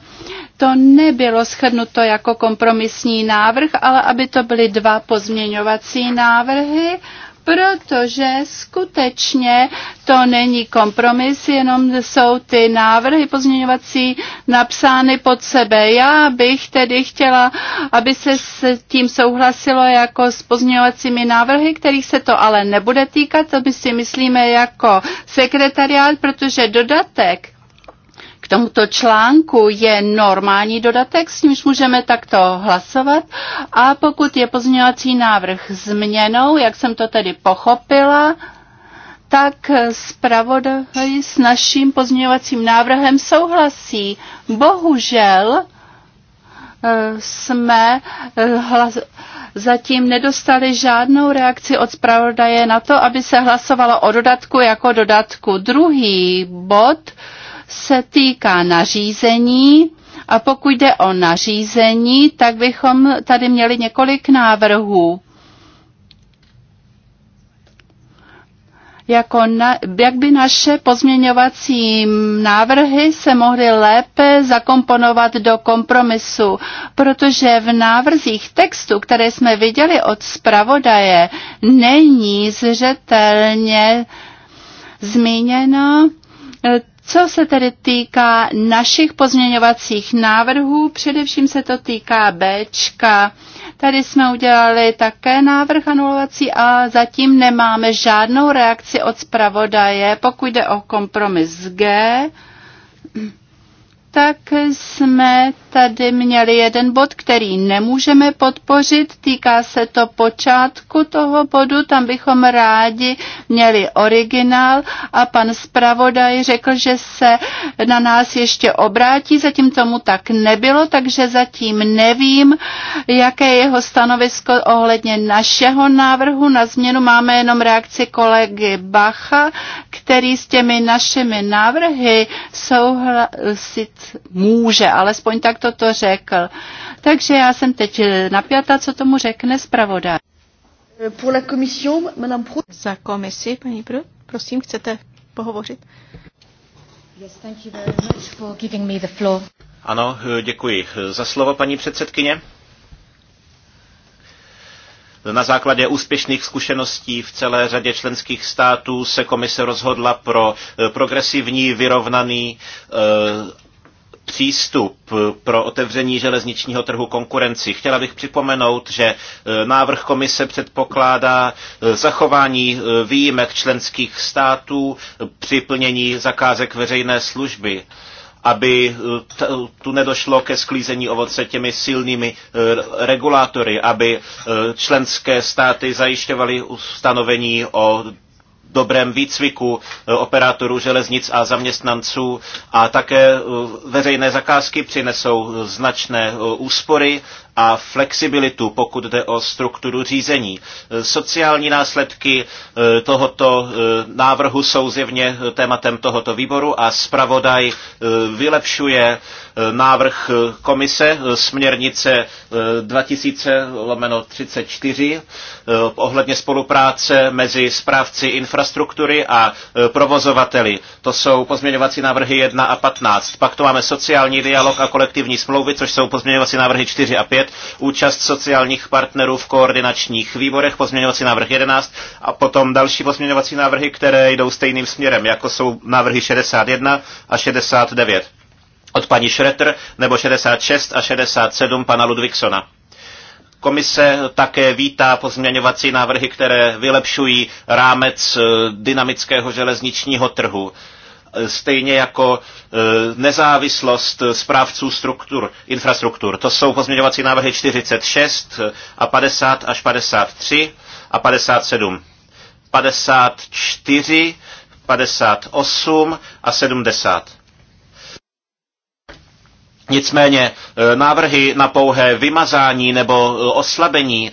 to nebylo schrnuto jako kompromisní návrh, ale aby to byly dva pozměňovací návrhy protože skutečně to není kompromis, jenom jsou ty návrhy pozměňovací napsány pod sebe. Já bych tedy chtěla, aby se s tím souhlasilo jako s pozměňovacími návrhy, kterých se to ale nebude týkat, to my si myslíme jako sekretariát, protože dodatek k tomuto článku je normální dodatek, s nímž můžeme takto hlasovat a pokud je pozměňovací návrh změnou, jak jsem to tedy pochopila, tak zpravodaj s naším pozměňovacím návrhem souhlasí. Bohužel eh, jsme eh, hlas, zatím nedostali žádnou reakci od zpravodaje na to, aby se hlasovalo o dodatku jako dodatku. Druhý bod se týká nařízení a pokud jde o nařízení, tak bychom tady měli několik návrhů. jako na, jak by naše pozměňovací návrhy se mohly lépe zakomponovat do kompromisu, protože v návrzích textu, které jsme viděli od zpravodaje, není zřetelně zmíněno. Eh, co se tedy týká našich pozměňovacích návrhů, především se to týká B. Tady jsme udělali také návrh anulovací a zatím nemáme žádnou reakci od zpravodaje. Pokud jde o kompromis G, tak jsme tady měli jeden bod, který nemůžeme podpořit. Týká se to počátku toho bodu, tam bychom rádi měli originál a pan zpravodaj řekl, že se na nás ještě obrátí. Zatím tomu tak nebylo, takže zatím nevím, jaké je jeho stanovisko ohledně našeho návrhu. Na změnu máme jenom reakci kolegy Bacha, který s těmi našimi návrhy souhlasit může, alespoň tak takto to řekl. Takže já jsem teď napjata, co tomu řekne zpravodaj. Pour la commission, Madame Za komisi, paní Prud, prosím, chcete pohovořit? Yes, thank you very much for giving me the floor. Ano, děkuji za slovo, paní předsedkyně. Na základě úspěšných zkušeností v celé řadě členských států se komise rozhodla pro progresivní, vyrovnaný eh, přístup eh, pro otevření železničního trhu konkurenci. Chtěla bych připomenout, že eh, návrh komise předpokládá eh, zachování výjimek členských států při plnění zakázek veřejné služby aby tu nedošlo ke sklízení ovoce těmi silnými regulátory, aby členské státy zajišťovaly ustanovení o dobrém výcviku eh, operátorů železnic a zaměstnanců a také eh, veřejné zakázky přinesou eh, značné úspory a flexibilitu, pokud jde o strukturu řízení. Sociální následky e, tohoto e, návrhu jsou zjevně tématem tohoto výboru a zpravodaj e, vylepšuje návrh komise směrnice 2000 34 ohledně spolupráce mezi správci infrastruktury a provozovateli. To jsou pozměňovací návrhy 1 a 15. Pak to máme sociální dialog a kolektivní smlouvy, což jsou pozměňovací návrhy 4 a 5 9, účast sociálních partnerů v koordinačních výborech, pozměňovací návrh 11 a potom další pozměňovací návrhy, které jdou stejným směrem, jako jsou návrhy 61 a 69 od paní Schroeter nebo 66 a 67 pana Ludvíksona. Komise také vítá pozměňovací návrhy, které vylepšují rámec eh, dynamického železničního trhu E, stejně jako e, nezávislost správců struktur, infrastruktur. To jsou pozměňovací návrhy 46 e, a 50 až 53 a 57. 54, 58 a 70. Nicméně návrhy na pouhé vymazání nebo oslabení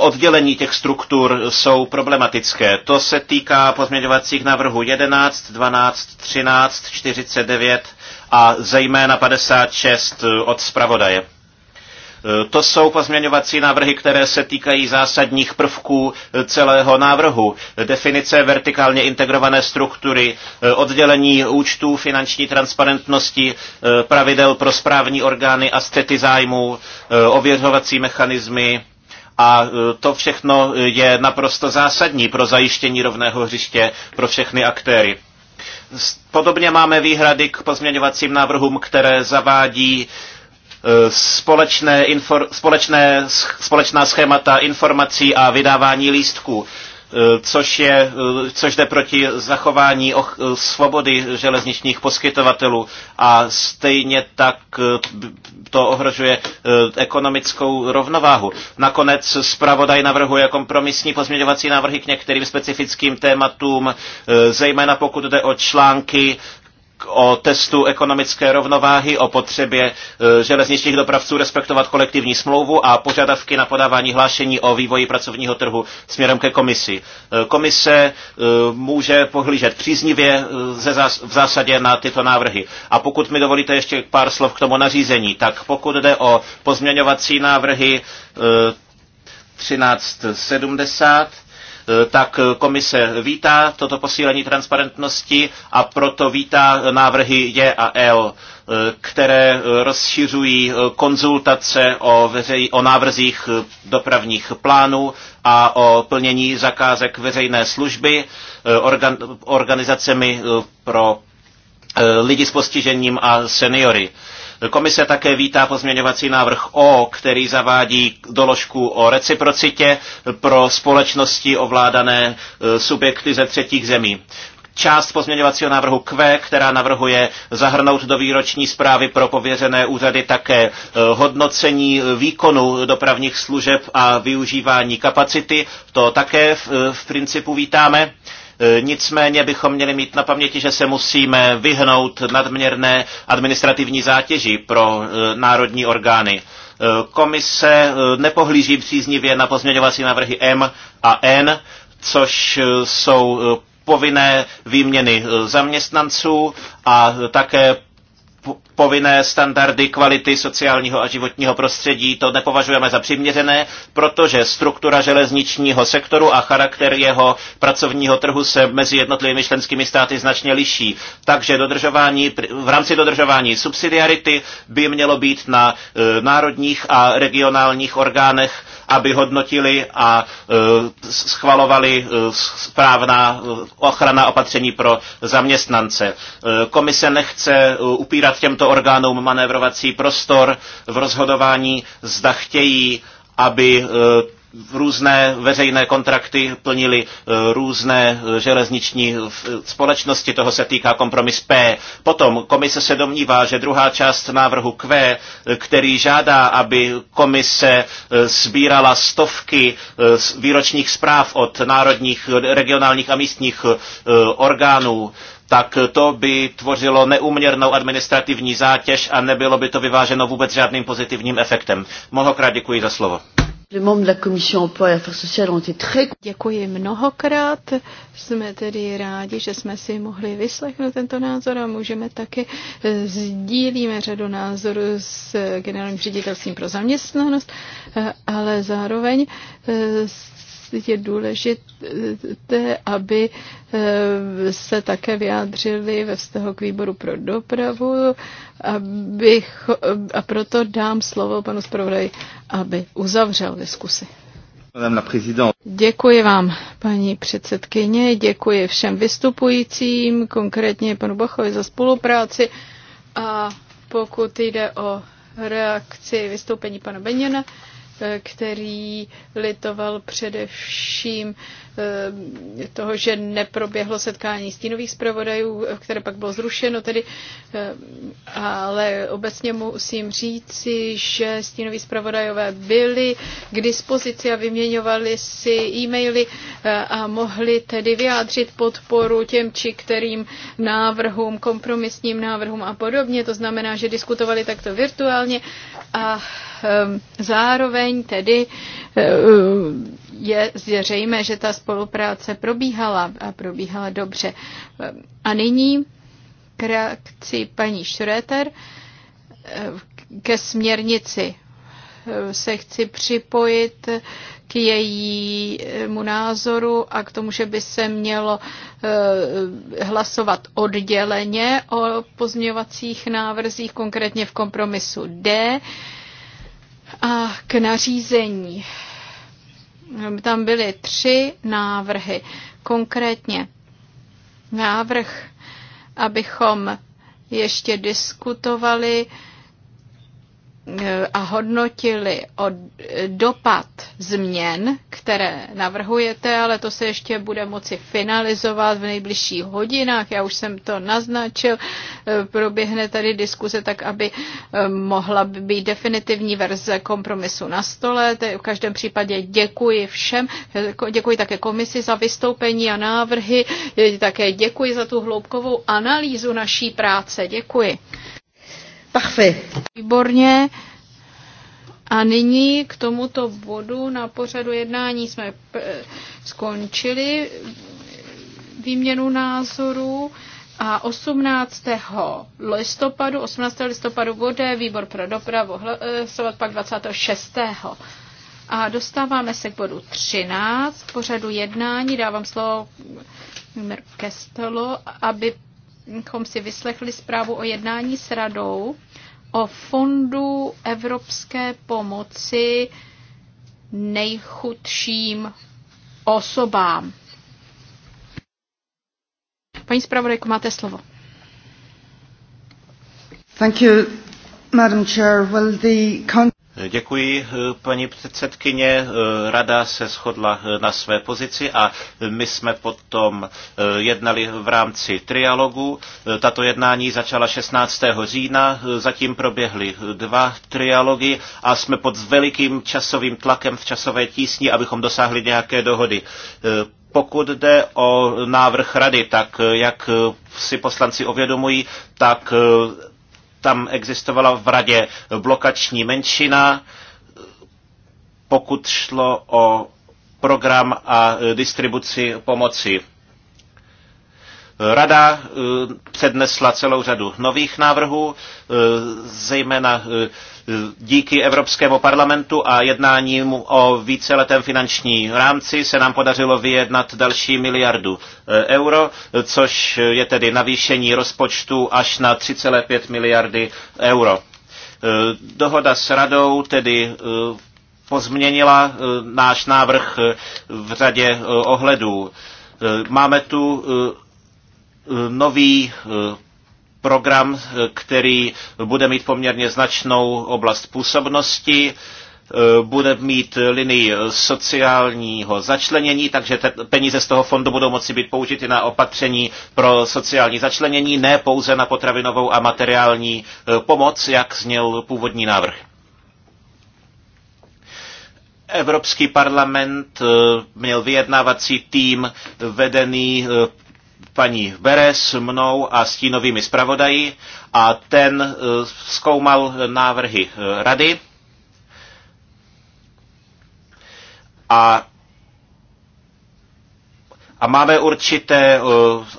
oddělení těch struktur jsou problematické. To se týká pozměňovacích návrhů 11, 12, 13, 49 a zejména 56 eh, od zpravodaje. Eh, to jsou pozměňovací návrhy, které se týkají zásadních prvků eh, celého návrhu. Definice vertikálně integrované struktury, oddělení účtů, finanční transparentnosti, pravidel pro správní orgány a střety zájmů, ověřovací mechanismy, a e, to všechno je naprosto zásadní pro zajištění rovného hřiště pro všechny aktéry. Podobně máme výhrady k pozměňovacím návrhům, které zavádí e, společné, infor, společné, společná schémata informací a vydávání lístků. Eh, což, je, eh, což jde proti zachování eh, svobody železničních poskytovatelů a stejně tak to ohrožuje ekonomickou rovnováhu. Nakonec zpravodaj navrhuje kompromisní pozměňovací návrhy k některým specifickým tématům, zejména pokud jde o články o testu ekonomické rovnováhy, o potřebě e, železničních dopravců respektovat kolektivní smlouvu a požadavky na podávání hlášení o vývoji pracovního trhu směrem ke komisi. E, komise e, může pohlížet příznivě v zásadě na tyto návrhy. A pokud mi dovolíte ještě pár slov k tomu nařízení, tak pokud jde o pozměňovací návrhy 1370, E, tak komise vítá toto posílení transparentnosti a proto vítá návrhy J a L e, které rozšiřují konzultace o, veřej, o návrzích dopravních plánů a o plnění zakázek veřejné služby e, organ, organizacemi pro lidi s postižením a seniory. Komise také vítá pozměňovací návrh O, který zavádí doložku o reciprocitě pro společnosti ovládané e, subjekty ze třetích zemí část pozměňovacího návrhu Q, která navrhuje zahrnout do výroční zprávy pro pověřené úřady také e, hodnocení výkonu dopravních služeb a využívání kapacity. To také v, e, v principu vítáme. E, nicméně bychom měli mít na paměti, že se musíme vyhnout nadměrné administrativní zátěži pro e, národní orgány. E, komise nepohlíží příznivě na pozměňovací návrhy M a N, což jsou povinné výměny zaměstnanců a také povinné standardy kvality sociálního a životního prostředí, to nepovažujeme za přiměřené, protože struktura železničního sektoru a charakter jeho pracovního trhu se mezi jednotlivými členskými státy značně liší. Takže dodržování, v rámci dodržování subsidiarity by mělo být na e, národních a regionálních orgánech aby hodnotili a e, schvalovali e, správná e, ochrana opatření pro zaměstnance. Komise nechce upírat těmto orgánům manévrovací prostor v rozhodování, zda chtějí aby různé veřejné kontrakty plnili eh, různé eh, železniční eh, společnosti, toho se týká kompromis P. Potom komise se domnívá, že druhá část návrhu Q, který žádá, aby komise sbírala stovky výročních zpráv od národních, regionálních a místních orgánů, tak to by tvořilo neuměrnou administrativní zátěž a nebylo by to vyváženo vůbec žádným pozitivním efektem. Mnohokrát děkuji za slovo. Děkuji mnohokrát. Jsme tedy rádi, že jsme si mohli vyslechnout tento názor a můžeme také eh, sdílíme řadu názorů s generálním ředitelstvím pro zaměstnanost, eh, ale zároveň eh, je důležité, aby se také vyjádřili ve vztahu k výboru pro dopravu abych, a proto dám slovo panu zpravodaji aby uzavřel diskusi. Děkuji vám, paní předsedkyně, děkuji všem vystupujícím, konkrétně panu Bachovi za spolupráci a pokud jde o reakci vystoupení pana Beněna, který litoval především eh, toho, že neproběhlo setkání stínových zpravodajů, které pak bylo zrušeno tedy, eh, ale obecně musím říci, že stínoví zpravodajové byli k dispozici a vyměňovali si e-maily eh, a mohli tedy vyjádřit podporu těm či kterým návrhům, kompromisním návrhům a podobně. To znamená, že diskutovali takto virtuálně a zároveň tedy je zřejmé, že ta spolupráce probíhala a probíhala dobře. A nyní k reakci paní Schröter ke směrnici se chci připojit k jejímu názoru a k tomu, že by se mělo eh, hlasovat odděleně o pozměňovacích návrzích, konkrétně v kompromisu D a k nařízení. Tam byly tři návrhy. Konkrétně návrh, abychom ještě diskutovali a hodnotili od dopad změn, které navrhujete, ale to se ještě bude moci finalizovat v nejbližších hodinách. Já už jsem to naznačil. Proběhne tady diskuze tak, aby eh, mohla být definitivní verze kompromisu na stole. V každém případě děkuji všem. Děkuji také komisi za vystoupení a návrhy. Také děkuji za tu hloubkovou analýzu naší práce. Děkuji. Parfait. Výborně. A nyní k tomuto bodu na pořadu jednání jsme eh, skončili výměnu názorů a 18. listopadu, 18. listopadu bude výbor pro dopravu hlasovat pak 26. A dostáváme se k bodu 13, pořadu jednání, dávám slovo Kestelo, aby bychom si vyslechli zprávu o jednání s radou o fondu evropské pomoci nejchudším osobám. Paní zpravodajko, máte slovo. Thank you, Madam Chair. Well, the... Děkuji, eh, paní předsedkyně. Eh, Rada se shodla eh, na své pozici a my jsme potom jednali v rámci trialogu. Tato jednání začala 16. října, zatím proběhly dva trialogy a jsme pod velikým časovým tlakem v časové tísni, abychom dosáhli nějaké dohody. Pokud jde o návrh rady, tak jak si poslanci ovědomují, tak tam existovala v radě blokační menšina, pokud šlo o program a distribuci pomoci. Rada eh, přednesla celou řadu nových návrhů, eh, zejména eh, Díky Evropskému parlamentu a jednáním o víceletém finanční rámci se nám podařilo vyjednat další miliardu e, euro, což je tedy navýšení rozpočtu až na 3,5 miliardy euro. E, dohoda s radou tedy e, pozměnila náš návrh v řadě ohledů. Máme tu nový program, který bude mít poměrně značnou oblast působnosti, e, bude mít linii sociálního začlenění, takže te, peníze z toho fondu budou moci být použity na opatření pro sociální začlenění, ne pouze na potravinovou a materiální e, pomoc, jak zněl původní návrh. Evropský parlament e, měl vyjednávací tým vedený paní Beres, mnou a stínovými zpravodaji a ten eh, zkoumal návrhy eh, rady a a máme určité eh,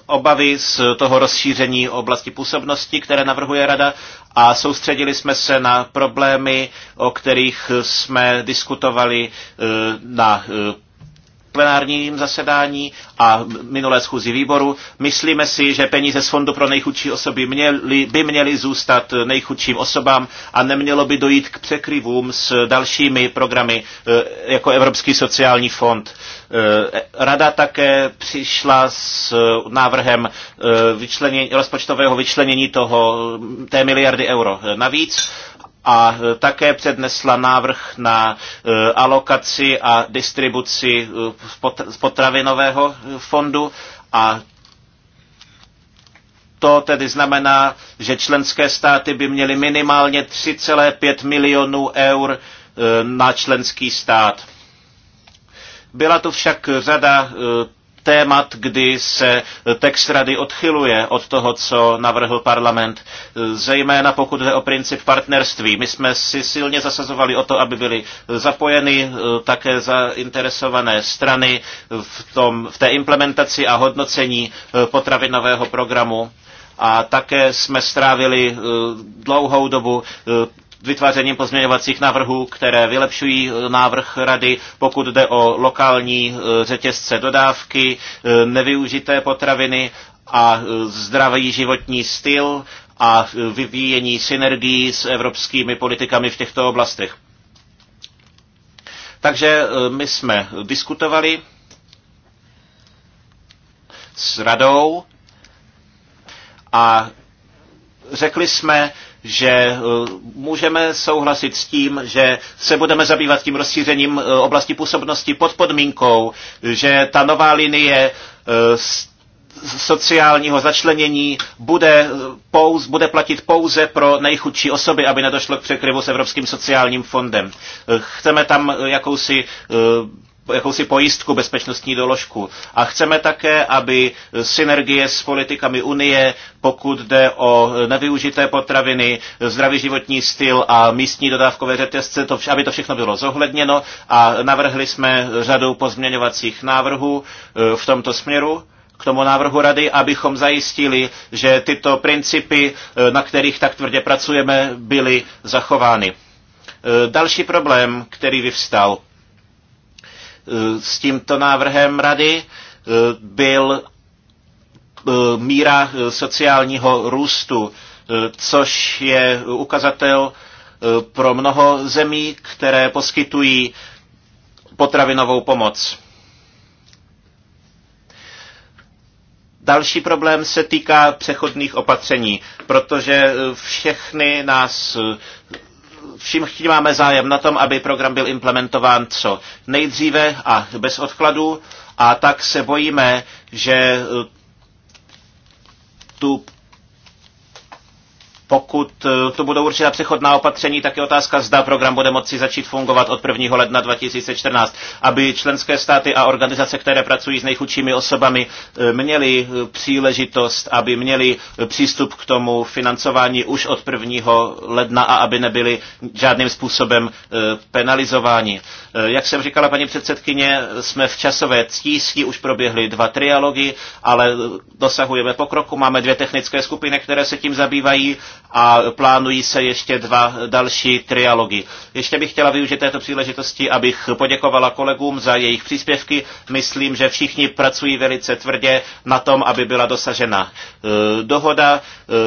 obavy z toho rozšíření oblasti působnosti, které navrhuje Rada a soustředili jsme se na problémy, o kterých jsme diskutovali na plenárním zasedání a minulé schůzi výboru. Myslíme si, že peníze z Fondu pro nejchudší osoby měli, by měly zůstat nejchudším osobám a nemělo by dojít k překryvům s dalšími programy eh, jako Evropský sociální fond. Eh, rada také přišla s návrhem eh, vyčlenění, rozpočtového vyčlenění toho, té miliardy euro. Navíc a e, také přednesla návrh na e, alokaci a distribuci e, potravinového fondu a to tedy znamená, že členské státy by měly minimálně 3,5 milionů eur na členský stát. Byla tu však řada témat, kdy se text rady odchyluje od toho, co navrhl parlament, zejména pokud jde o princip partnerství. My jsme si silně zasazovali o to, aby byly zapojeny eh, také zainteresované strany v, tom, v té implementaci a hodnocení eh, potravinového programu a také jsme strávili eh, dlouhou dobu vytvářením pozměňovacích návrhů, které vylepšují e, návrh rady, pokud jde o lokální e, řetězce dodávky, e, nevyužité potraviny a zdravý životní styl a vyvíjení synergií s evropskými politikami v těchto oblastech. Takže my jsme diskutovali s radou a řekli jsme, že eh, můžeme souhlasit s tím, že se budeme zabývat tím rozšířením eh, oblasti působnosti pod podmínkou, že ta nová linie eh, sociálního začlenění bude, pouz, bude platit pouze pro nejchudší osoby, aby nedošlo k překryvu s Evropským sociálním fondem. Chceme tam jakousi jakousi pojistku, bezpečnostní doložku. A chceme také, aby synergie s politikami Unie, pokud jde o nevyužité potraviny, zdravý životní styl a místní dodávkové řetězce, to, aby to všechno bylo zohledněno a navrhli jsme řadu pozměňovacích návrhů e, v tomto směru k tomu návrhu rady, abychom zajistili, že tyto principy, e, na kterých tak tvrdě pracujeme, byly zachovány. E, další problém, který vyvstal, Eh, s tímto návrhem rady eh, byl eh, míra sociálního růstu, což je ukazatel pro mnoho zemí, které poskytují potravinovou pomoc. Další problém se týká přechodných opatření, protože všechny nás všichni máme zájem na tom, aby program byl implementován co nejdříve a bez odkladu a tak se bojíme, že tu pokud eh, to budou určitá přechodná opatření, tak je otázka, zda program bude moci začít fungovat od 1. ledna 2014, aby členské státy a organizace, které pracují s nejchudšími osobami, eh, měly eh, příležitost, aby měli přístup k tomu financování už od 1. ledna a aby nebyli žádným způsobem penalizováni. Jak jsem říkala, paní předsedkyně, jsme v časové tísni, už proběhly dva trialogy, ale dosahujeme pokroku, máme dvě technické skupiny, které se tím zabývají a plánují se ještě dva další trialogy. Ještě bych chtěla využít této příležitosti, abych poděkovala kolegům za jejich příspěvky. Myslím, že všichni pracují velice tvrdě na tom, aby byla dosažena e, dohoda.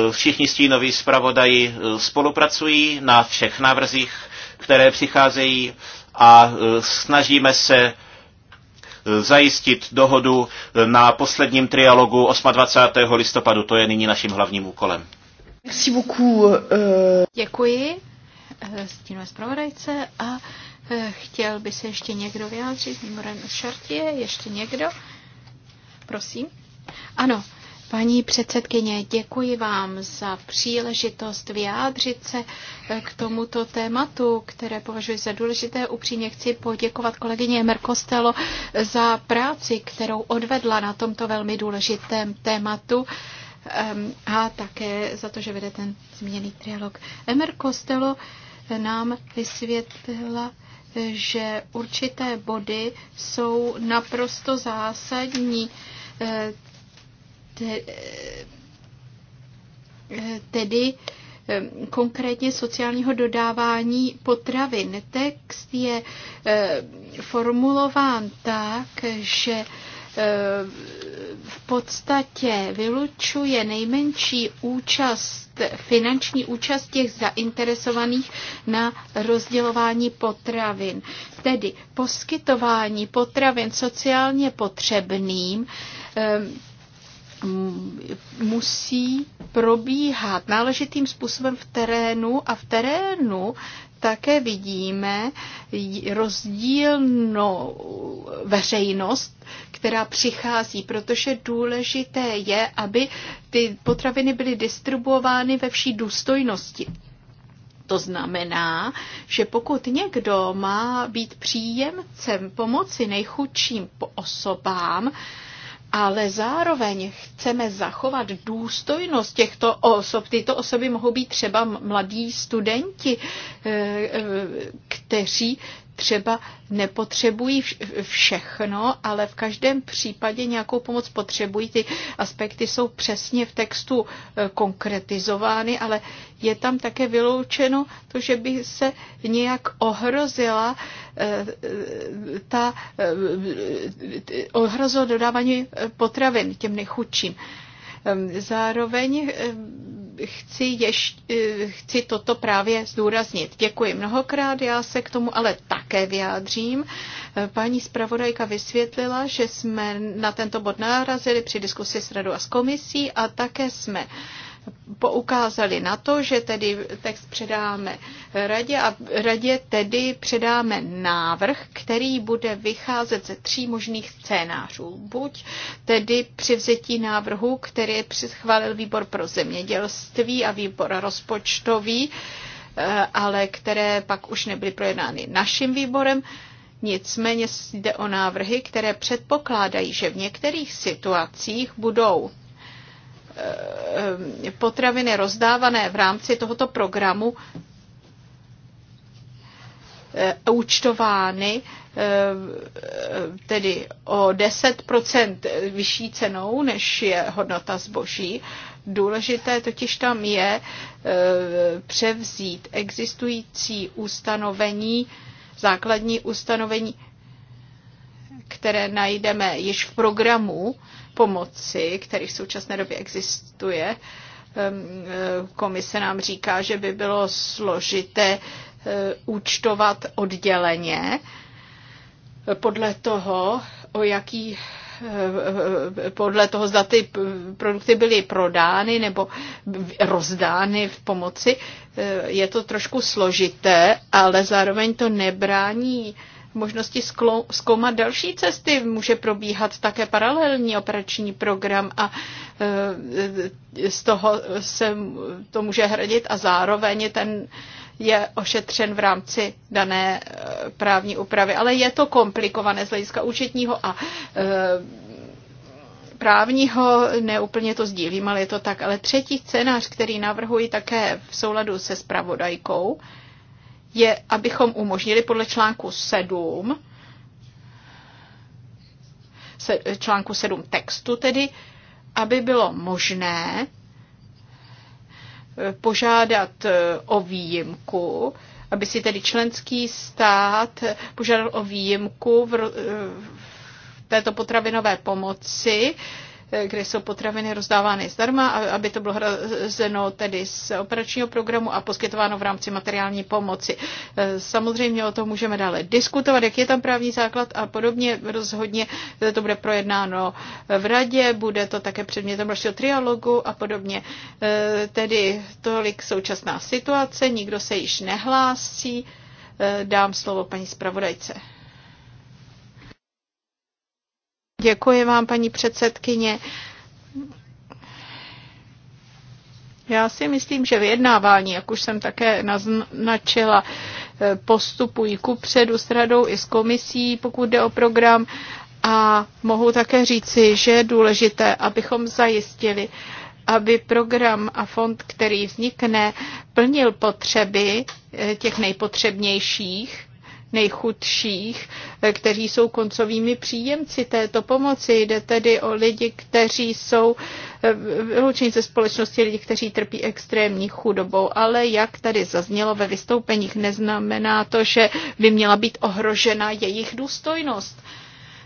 E, všichni stínoví zpravodaji e, spolupracují na všech návrzích, které přicházejí a snažíme se zajistit dohodu na posledním trialogu 28. listopadu. To je nyní naším hlavním úkolem. Merci beaucoup. Euh, děkuji eh, stínové zpravodajce a eh, chtěl by se ještě někdo vyjádřit, mimo Šartě, ještě někdo? Prosím. Ano, Paní předsedkyně, děkuji vám za příležitost vyjádřit se eh, k tomuto tématu, které považuji za důležité. Upřímně chci poděkovat kolegyně Merkostelo za práci, kterou odvedla na tomto velmi důležitém tématu a také za to, že vede ten zmíněný trialog. Emer Costello nám vysvětlila, že určité body jsou naprosto zásadní. Eh, eh, tedy konkrétně sociálního dodávání potravin. Text je eh, formulován tak, že E, v podstatě vylučuje nejmenší účast, finanční účast těch zainteresovaných na rozdělování potravin. Tedy poskytování potravin sociálně potřebným e, musí probíhat náležitým způsobem v terénu a v terénu také vidíme rozdílnou veřejnost, která přichází, protože důležité je, aby ty potraviny byly distribuovány ve vší důstojnosti. To znamená, že pokud někdo má být příjemcem pomoci nejchudším osobám, ale zároveň chceme zachovat důstojnost těchto osob. Tyto osoby mohou být třeba mladí studenti, eh, eh, kteří třeba nepotřebují všechno, ale v každém případě nějakou pomoc potřebují. Ty aspekty jsou přesně v textu eh, konkretizovány, ale je tam také vyloučeno to, že by se nějak ohrozila eh, ta eh, ohrozo dodávání potravin těm nechudším. Ehm, zároveň ehm, chci, ještě, eh, chci toto právě zdůraznit. Děkuji mnohokrát, já se k tomu ale také vyjádřím. Ehm, paní zpravodajka vysvětlila, že jsme na tento bod narazili při diskusi s radou a s komisí a také jsme poukázali na to, že tedy text předáme radě a radě tedy předáme návrh, který bude vycházet ze tří možných scénářů. Buď tedy přivzetí návrhu, který schválil výbor pro zemědělství a výbor rozpočtový, eh, ale které pak už nebyly projednány naším výborem, Nicméně jde o návrhy, které předpokládají, že v některých situacích budou Eh, potraviny rozdávané v rámci tohoto programu eh, účtovány eh, tedy o 10% vyšší cenou, než je hodnota zboží. Důležité totiž tam je převzít existující ustanovení, základní ustanovení, které najdeme již v programu pomoci, který v současné době existuje. Eh, komise nám říká, že by bylo složité eh, účtovat odděleně podle toho, o jaký eh, podle toho, zda ty produkty byly prodány nebo rozdány v pomoci. Je to trošku složité, ale zároveň to nebrání možnosti zkoumat další cesty. Může probíhat také paralelní operační program a e, z toho se to může hradit a zároveň ten je ošetřen v rámci dané e, právní úpravy. Ale je to komplikované z hlediska účetního a e, právního, neúplně to sdílím, ale je to tak. Ale třetí scénář, který navrhuji také v souladu se spravodajkou, je, abychom umožnili podle článku 7, článku 7 textu tedy, aby bylo možné eh, požádat eh, o výjimku, aby si tedy členský stát eh, požádal o výjimku v, v této potravinové pomoci Eh, kde jsou potraviny rozdávány zdarma, aby to bylo hrazeno tedy z operačního programu a poskytováno v rámci materiální pomoci. Eh, samozřejmě o tom můžeme dále diskutovat, jak je tam právní základ a podobně. Rozhodně eh, to bude projednáno v radě, bude to také předmětem dalšího trialogu a podobně. Tedy tolik současná situace, nikdo se již nehlásí. Dám slovo paní zpravodajce. Děkuji vám, paní předsedkyně. Já si myslím, že vyjednávání, jak už jsem také naznačila, eh, postupují ku předu s radou i s komisí, pokud jde o program. A mohu také říci, že je důležité, abychom zajistili, aby program a fond, který vznikne, plnil potřeby eh, těch nejpotřebnějších nejchudších, eh, kteří jsou koncovými příjemci této pomoci. Jde tedy o lidi, kteří jsou eh, vyloučení ze společnosti, lidi, kteří trpí extrémní chudobou. Ale jak tady zaznělo ve vystoupeních, neznamená to, že by měla být ohrožena jejich důstojnost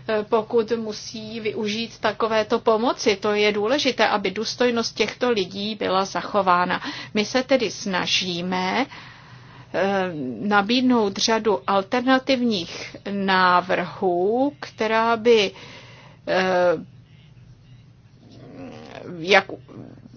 eh, pokud musí využít takovéto pomoci. To je důležité, aby důstojnost těchto lidí byla zachována. My se tedy snažíme Eh, nabídnout řadu alternativních návrhů, která by eh, jak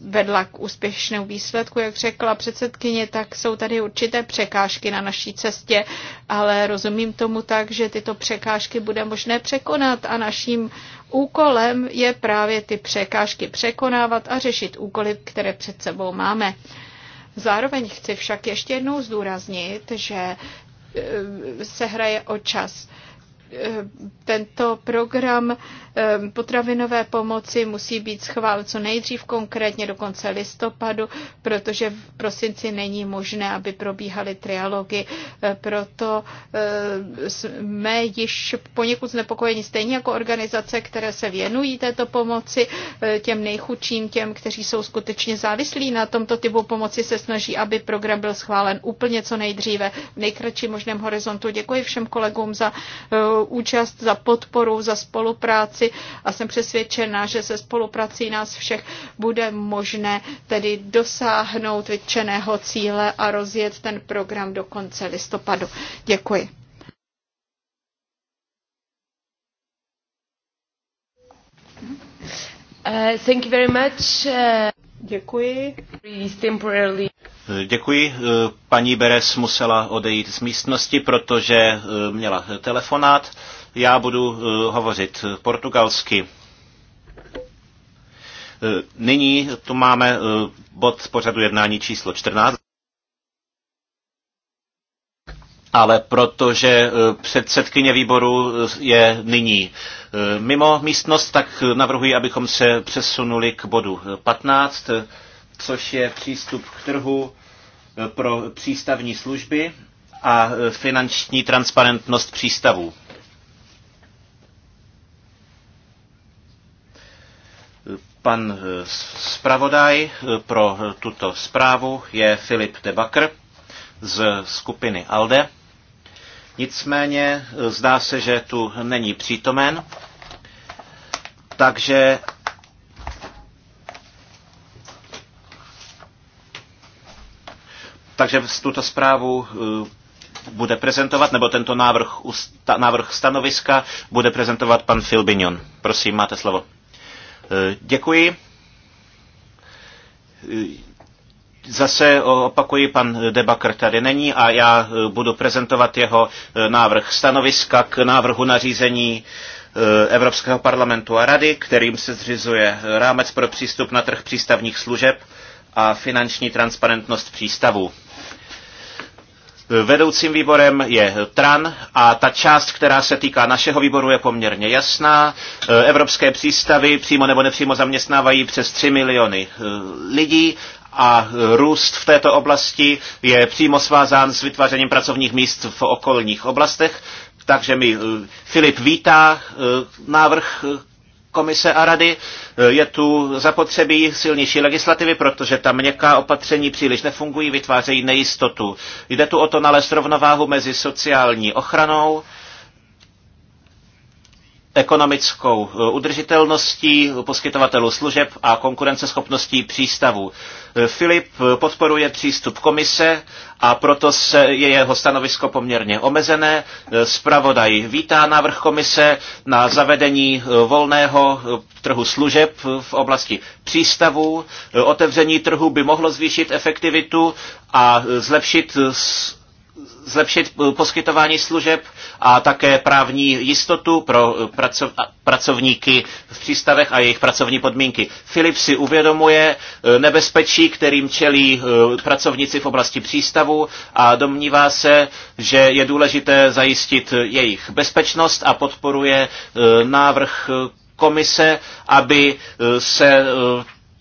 vedla k úspěšnému výsledku, jak řekla předsedkyně, tak jsou tady určité překážky na naší cestě, ale rozumím tomu tak, že tyto překážky bude možné překonat a naším úkolem je právě ty překážky překonávat a řešit úkoly, které před sebou máme. Zároveň chci však ještě jednou zdůraznit, že e, se hraje o čas. E, tento program Ehm, potravinové pomoci musí být schvál co nejdřív, konkrétně do konce listopadu, protože v prosinci není možné, aby probíhaly trialogy. Ehm, proto ehm, jsme již poněkud znepokojeni, stejně jako organizace, které se věnují této pomoci, těm nejchudším, těm, kteří jsou skutečně závislí na tomto typu pomoci, se snaží, aby program byl schválen úplně co nejdříve, v nejkratším možném horizontu. Děkuji všem kolegům za účast, za podporu, za spolupráci práci a jsem přesvědčena, že se spoluprací nás všech bude možné tedy dosáhnout vytčeného cíle a rozjet ten program do konce listopadu. Děkuji. Uh, thank you very much. Uh... Děkuji. Děkuji. Uh, paní Beres musela odejít z místnosti, protože uh, měla telefonát. Já budu eh, hovořit portugalsky. Eh, nyní tu máme eh, bod z pořadu jednání číslo 14. Ale protože předsedkyně výboru je nyní mimo místnost, tak navrhuji, abychom se přesunuli k bodu 15, což je přístup k trhu pro přístavní služby a finanční transparentnost přístavů. Pan eh, zpravodaj eh, pro eh, tuto zprávu je Filip Debakr z skupiny ALDE. Nicméně zdá se, že tu není přítomen, takže takže tuto zprávu bude prezentovat, nebo tento návrh, návrh stanoviska bude prezentovat pan Filbinion. Prosím, máte slovo. Eh, děkuji. Eh, zase opakuji, pan Debakr tady není a já eh, budu prezentovat jeho návrh stanoviska k návrhu nařízení Evropského parlamentu a rady, kterým se zřizuje rámec pro přístup na trh přístavních služeb a finanční transparentnost přístavů. Vedoucím výborem je TRAN a ta část, která se týká našeho výboru, je poměrně jasná. Eh, evropské přístavy přímo nebo nepřímo zaměstnávají přes 3 miliony eh, lidí a eh, růst v této oblasti je přímo svázán s vytvářením pracovních míst v okolních oblastech. Takže mi Filip vítá návrh komise a rady. Eh, je tu zapotřebí silnější legislativy, protože ta měkká opatření příliš nefungují, vytvářejí nejistotu. Jde tu o to nalézt rovnováhu mezi sociální ochranou, ekonomickou eh, udržitelností poskytovatelů služeb a konkurenceschopností přístavů. Eh, Filip eh, podporuje přístup komise a proto se je jeho stanovisko poměrně omezené. Spravodaj vítá návrh komise na zavedení volného trhu služeb v oblasti přístavů. Otevření trhu by mohlo zvýšit efektivitu a zlepšit zlepšit eh, poskytování služeb a také právní jistotu pro eh, pracov, pracovníky v přístavech a jejich pracovní podmínky. Filip si uvědomuje eh, nebezpečí, kterým čelí pracovníci v oblasti přístavu a domnívá se, že je důležité zajistit jejich bezpečnost a podporuje návrh komise, aby se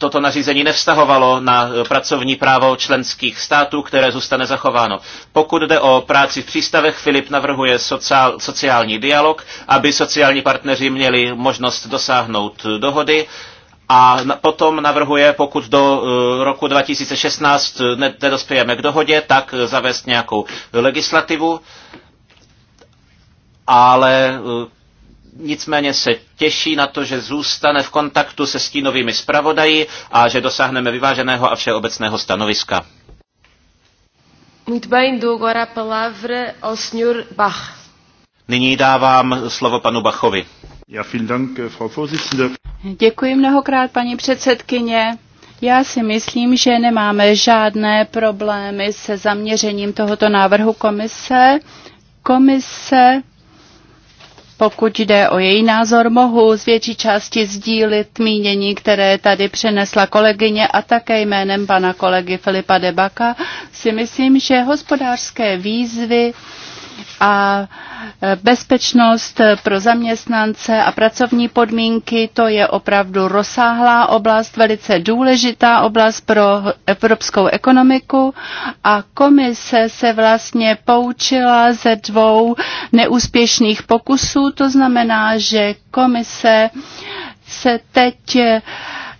toto nařízení nevztahovalo na e, pracovní právo členských států, které zůstane zachováno. Pokud jde o práci v přístavech, Filip navrhuje sociál, sociální dialog, aby sociální partneři měli možnost dosáhnout e, dohody. A potom navrhuje, pokud do e, roku 2016 nedospějeme k dohodě, tak zavést nějakou legislativu. Ale nicméně se těší na to, že zůstane v kontaktu se stínovými zpravodaji a že dosáhneme vyváženého a všeobecného stanoviska. Muito bem, dou agora a palavra ao senhor Bach. Nyní dávám slovo panu Bachovi. Ja, vielen Dank, äh, Frau Vorsitzende. Děkuji mnohokrát, paní předsedkyně. Já si myslím, že nemáme žádné problémy se zaměřením tohoto návrhu komise. Komise pokud jde o její názor, mohu z větší části sdílit mínění, které tady přenesla kolegyně a také jménem pana kolegy Filipa Debaka. Si myslím, že hospodářské výzvy a e, bezpečnost pro zaměstnance a pracovní podmínky, to je opravdu rozsáhlá oblast, velice důležitá oblast pro evropskou ekonomiku a komise se vlastně poučila ze dvou neúspěšných pokusů, to znamená, že komise se teď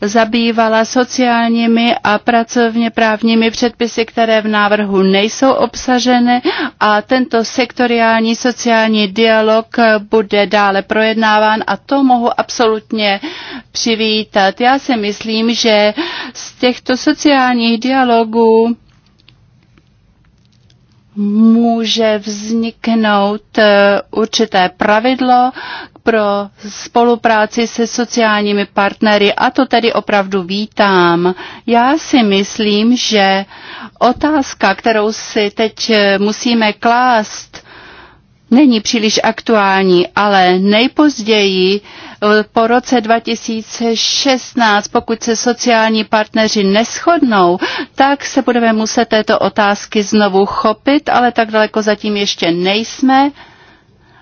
zabývala sociálními a pracovně právními předpisy, které v návrhu nejsou obsaženy a tento sektoriální sociální dialog bude dále projednáván a to mohu absolutně přivítat. Já si myslím, že z těchto sociálních dialogů může vzniknout eh, určité pravidlo pro spolupráci se sociálními partnery a to tedy opravdu vítám. Já si myslím, že otázka, kterou si teď eh, musíme klást, není příliš aktuální, ale nejpozději eh, po roce 2016, pokud se sociální partneři neschodnou, tak se budeme muset této otázky znovu chopit, ale tak daleko zatím ještě nejsme.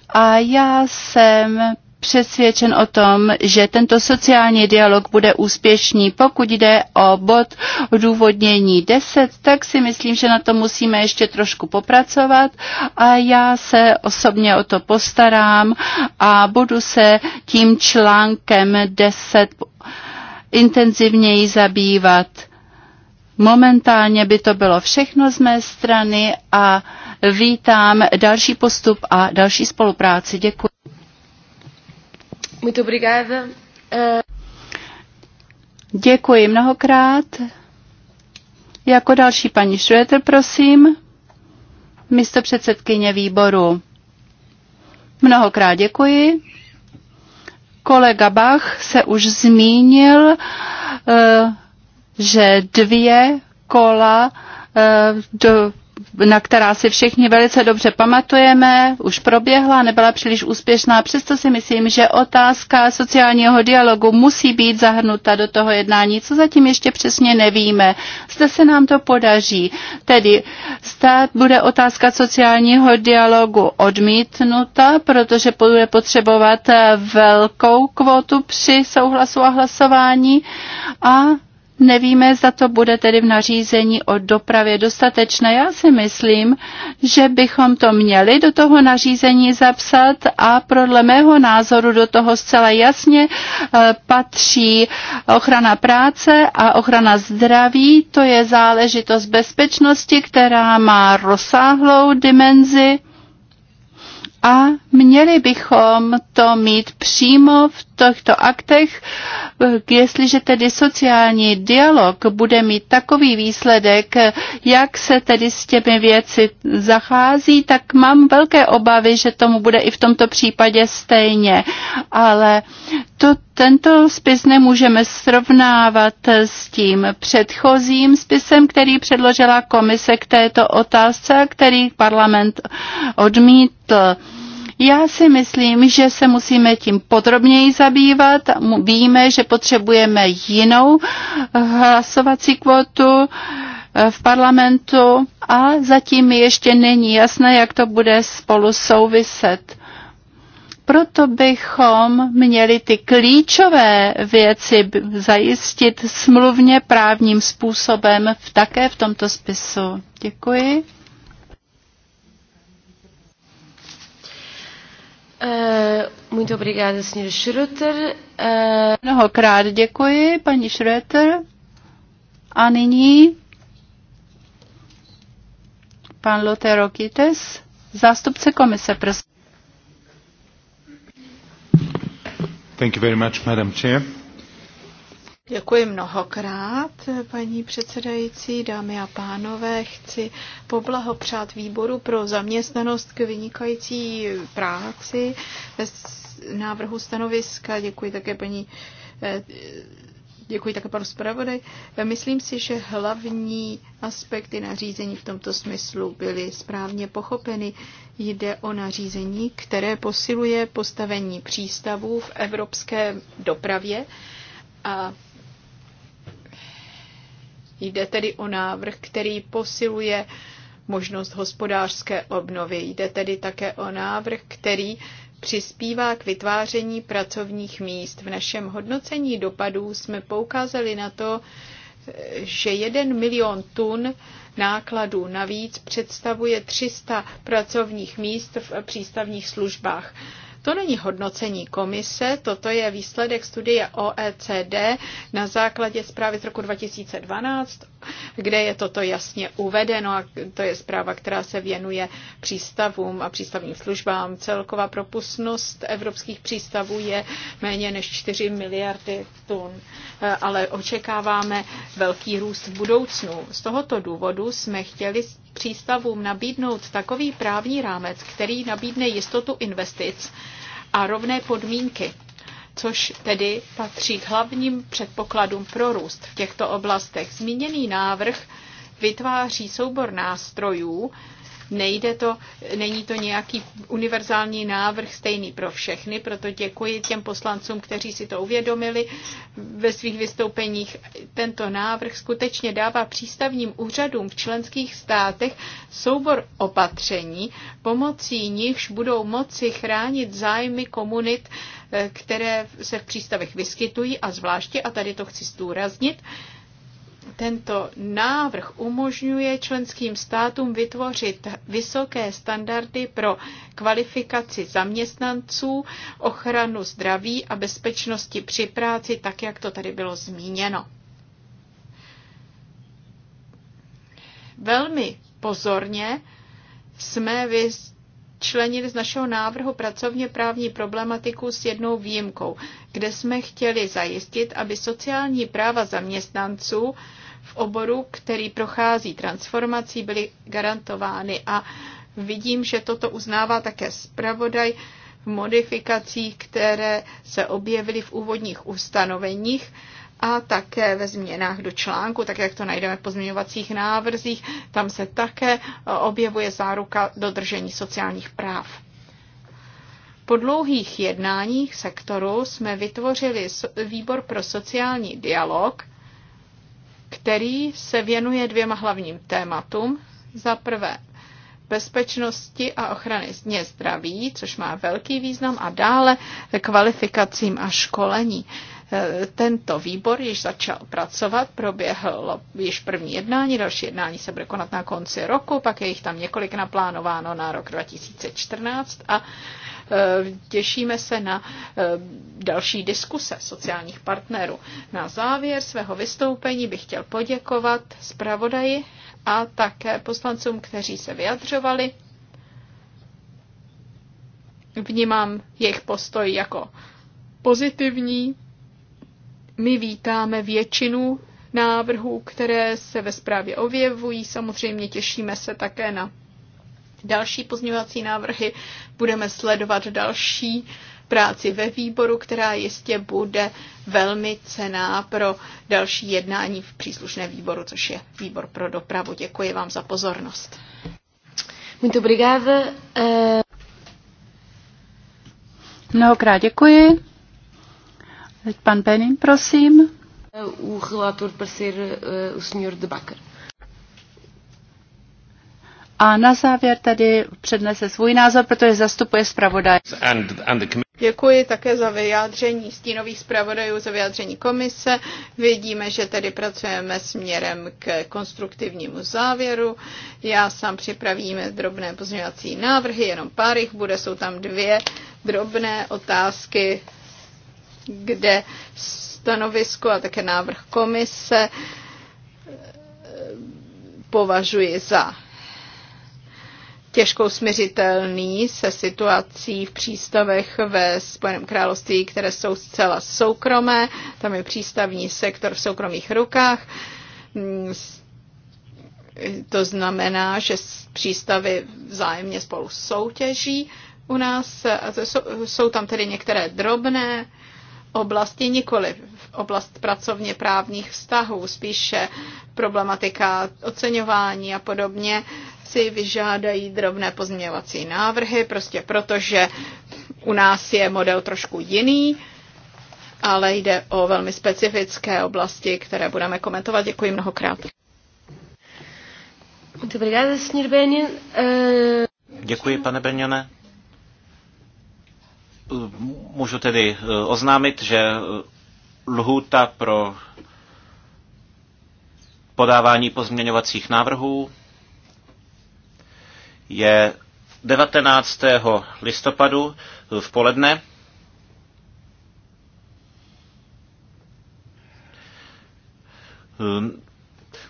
A já jsem přesvědčen o tom, že tento sociální dialog bude úspěšný. Pokud jde o bod důvodnění 10, tak si myslím, že na to musíme ještě trošku popracovat a já se osobně o to postarám a budu se tím článkem 10 intenzivněji zabývat. Momentálně by to bylo všechno z mé strany a vítám další postup a další spolupráci. Děkuji. Muito obrigada. Eh, děkuji mnohokrát. Jako další paní Šreter, prosím, místo předsedkyně výboru. Mnohokrát děkuji. Kolega Bach se už zmínil, eh, že dvě kola eh, do na která si všichni velice dobře pamatujeme, už proběhla, nebyla příliš úspěšná. Přesto si myslím, že otázka sociálního dialogu musí být zahrnuta do toho jednání, co zatím ještě přesně nevíme. Zda se nám to podaří. Tedy stát bude otázka sociálního dialogu odmítnuta, protože bude potřebovat velkou kvotu při souhlasu a hlasování a Nevíme, zda to bude tedy v nařízení o dopravě dostatečné. Já si myslím, že bychom to měli do toho nařízení zapsat a podle mého názoru do toho zcela jasně eh, patří ochrana práce a ochrana zdraví. To je záležitost bezpečnosti, která má rozsáhlou dimenzi a měli bychom to mít přímo v těchto aktech, eh, jestliže tedy sociální dialog bude mít takový výsledek, jak se tedy s těmi věci zachází, tak mám velké obavy, že tomu bude i v tomto případě stejně. Ale to, tento spis nemůžeme srovnávat s tím předchozím spisem, který předložila komise k této otázce, který parlament odmítl. Já si myslím, že se musíme tím podrobněji zabývat. Víme, že potřebujeme jinou eh, hlasovací kvotu eh, v parlamentu a zatím ještě není jasné, jak to bude spolu souviset. Proto bychom měli ty klíčové věci zajistit smluvně právním způsobem v také v tomto spisu. Děkuji. Uh, muito obrigada, Sr. Schroeter. Uh... Eh, Mnohokrát děkuji, paní Schroeter. A nyní pan Lotero Kites, zástupce komise, prosím. Thank you very much, Madam Chair. Děkuji mnohokrát, paní předsedající, dámy a pánové. Chci poblahopřát výboru pro zaměstnanost k vynikající práci ve návrhu stanoviska. Děkuji také paní eh, Děkuji také panu zpravodaj. Myslím si, že hlavní aspekty nařízení v tomto smyslu byly správně pochopeny. Jde o nařízení, které posiluje postavení přístavů v evropské dopravě a Jde tedy o návrh, který posiluje možnost hospodářské obnovy. Jde tedy také o návrh, který přispívá k vytváření pracovních míst. V našem hodnocení dopadů jsme poukázali na to, že 1 milion tun nákladů navíc představuje 300 pracovních míst v přístavních službách. To není hodnocení komise, toto je výsledek studie OECD na základě zprávy z roku 2012, kde je toto jasně uvedeno a to je zpráva, která se věnuje přístavům a přístavním službám. Celková propustnost evropských přístavů je méně než 4 miliardy tun, ale očekáváme velký růst v budoucnu. Z tohoto důvodu jsme chtěli přístavům nabídnout takový právní rámec, který nabídne jistotu investic, a rovné podmínky což tedy patří k hlavním předpokladům pro růst v těchto oblastech. Zmíněný návrh vytváří soubor nástrojů, Nejde to, není to nějaký univerzální návrh stejný pro všechny, proto děkuji těm poslancům, kteří si to uvědomili ve svých vystoupeních. Tento návrh skutečně dává přístavním úřadům v členských státech soubor opatření, pomocí nichž budou moci chránit zájmy komunit, eh, které se v přístavech vyskytují a zvláště, a tady to chci zdůraznit, tento návrh umožňuje členským státům vytvořit vysoké standardy pro kvalifikaci zaměstnanců, ochranu zdraví a bezpečnosti při práci, tak jak to tady bylo zmíněno. Velmi pozorně jsme vys Členili z našeho návrhu pracovně právní problematiku s jednou výjimkou, kde jsme chtěli zajistit, aby sociální práva zaměstnanců v oboru, který prochází transformací, byly garantovány. A vidím, že toto uznává také zpravodaj v modifikacích, které se objevily v úvodních ustanoveních a také ve změnách do článku, tak jak to najdeme v pozměňovacích návrzích, tam se také e, objevuje záruka dodržení sociálních práv. Po dlouhých jednáních sektoru jsme vytvořili výbor pro sociální dialog, který se věnuje dvěma hlavním tématům. Za prvé bezpečnosti a ochrany zdraví, což má velký význam, a dále kvalifikacím a školení. Tento výbor již začal pracovat, proběhlo již první jednání, další jednání se bude konat na konci roku, pak je jich tam několik naplánováno na rok 2014 a e, těšíme se na e, další diskuse sociálních partnerů. Na závěr svého vystoupení bych chtěl poděkovat zpravodaji a také poslancům, kteří se vyjadřovali. Vnímám jejich postoj jako pozitivní my vítáme většinu návrhů, které se ve zprávě objevují. Samozřejmě těšíme se také na další pozměňovací návrhy. Budeme sledovat další práci ve výboru, která jistě bude velmi cená pro další jednání v příslušné výboru, což je výbor pro dopravu. Děkuji vám za pozornost. Muito obrigada. Eh. Mnohokrát děkuji. Pan Benin, prosím. O relator para ser uh, o senhor de Bakker. A na závěr tady přednese svůj názor, protože zastupuje zpravodaj. Děkuji také za vyjádření stínových zpravodajů, za vyjádření komise. Vidíme, že tedy pracujeme směrem k konstruktivnímu závěru. Já sám připravíme drobné pozměňovací návrhy, jenom pár jich bude, jsou tam dvě drobné otázky kde stanovisko a také návrh komise eh, považuji za těžkou směřitelný se situací v přístavech ve Spojeném království, které jsou zcela soukromé. Tam je přístavní sektor v soukromých rukách. Mm, to znamená, že přístavy vzájemně spolu soutěží u nás. A to jsou, jsou tam tedy některé drobné oblasti, nikoli v oblast pracovně právních vztahů, spíše problematika oceňování a podobně, si vyžádají drobné pozměňovací návrhy, prostě protože u nás je model trošku jiný, ale jde o velmi specifické oblasti, které budeme komentovat. Děkuji mnohokrát. Eh, Děkuji, pane Benjane. Můžu tedy eh, oznámit, že eh, lhůta pro podávání pozměňovacích návrhů je 19. listopadu eh, v poledne.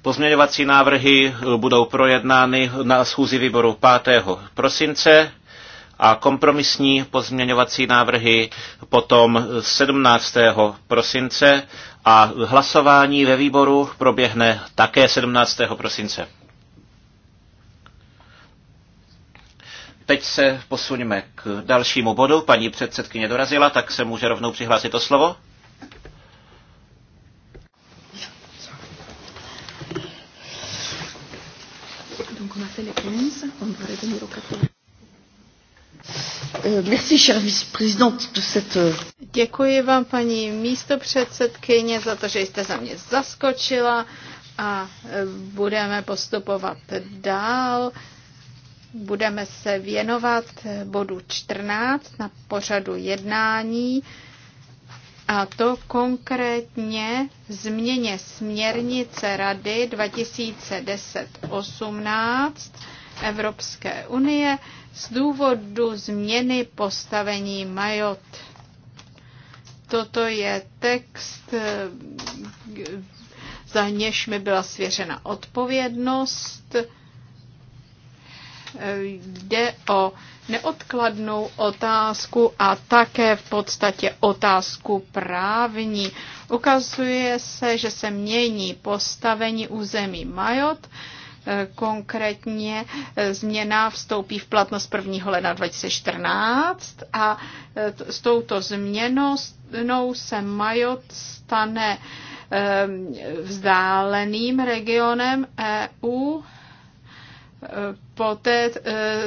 Pozměňovací návrhy budou projednány na schůzi výboru 5. prosince a kompromisní pozměňovací návrhy potom 17. prosince a hlasování ve výboru proběhne také 17. prosince. Teď se posuňme k dalšímu bodu. Paní předsedkyně dorazila, tak se může rovnou přihlásit o slovo. Merci, chère vice-présidente, de cette... Euh, Děkuji vám, paní místopředsedkyně, za to, že jste za mě zaskočila a e, budeme postupovat dál. Budeme se věnovat e, bodu 14 na pořadu jednání a to konkrétně změně směrnice Rady 2010-18 Evropské unie z důvodu změny postavení majot. Toto je text, za něž mi byla svěřena odpovědnost. Jde o neodkladnou otázku a také v podstatě otázku právní. Ukazuje se, že se mění postavení území Majot Eh, konkrétně eh, změna vstoupí v platnost 1. ledna 2014 a eh, s touto změnou se Majot stane vzdáleným regionem EU poté,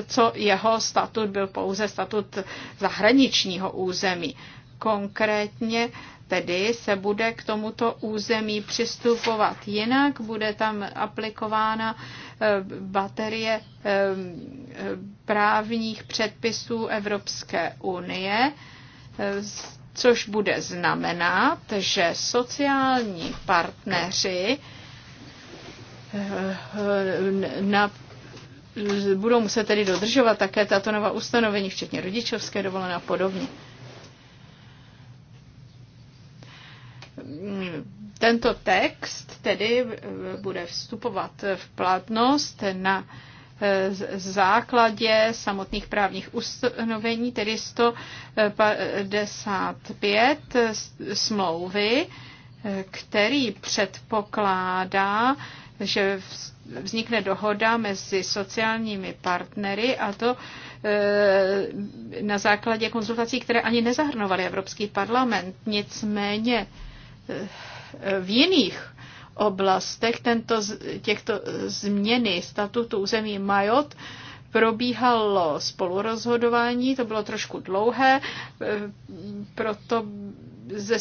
co jeho statut byl pouze statut zahraničního území. Konkrétně tedy se bude k tomuto území přistupovat jinak, bude tam aplikována eh, baterie eh, právních předpisů Evropské unie, eh, což bude znamenat, že sociální partneři na budou muset tedy dodržovat také tato nová ustanovení, včetně rodičovské dovolené a podobně. Tento text tedy eh, bude vstupovat v platnost na eh, základě samotných právních ustanovení, tedy 155 eh, smlouvy, který předpokládá, že vznikne dohoda mezi sociálními partnery a to na základě konzultací, které ani nezahrnovaly Evropský parlament. Nicméně v jiných oblastech tento, těchto změny statutu území Majot probíhalo spolurozhodování, to bylo trošku dlouhé, proto ze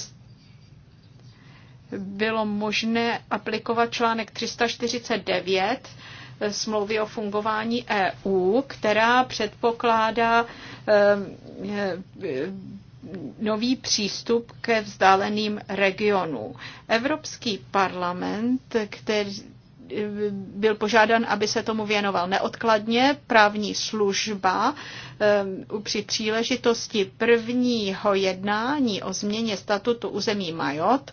bylo možné aplikovat článek 349 smlouvy o fungování EU, která předpokládá eh, eh, nový přístup ke vzdáleným regionům. Evropský parlament, který eh, byl požádán, aby se tomu věnoval neodkladně. Právní služba eh, při příležitosti prvního jednání o změně statutu území Majot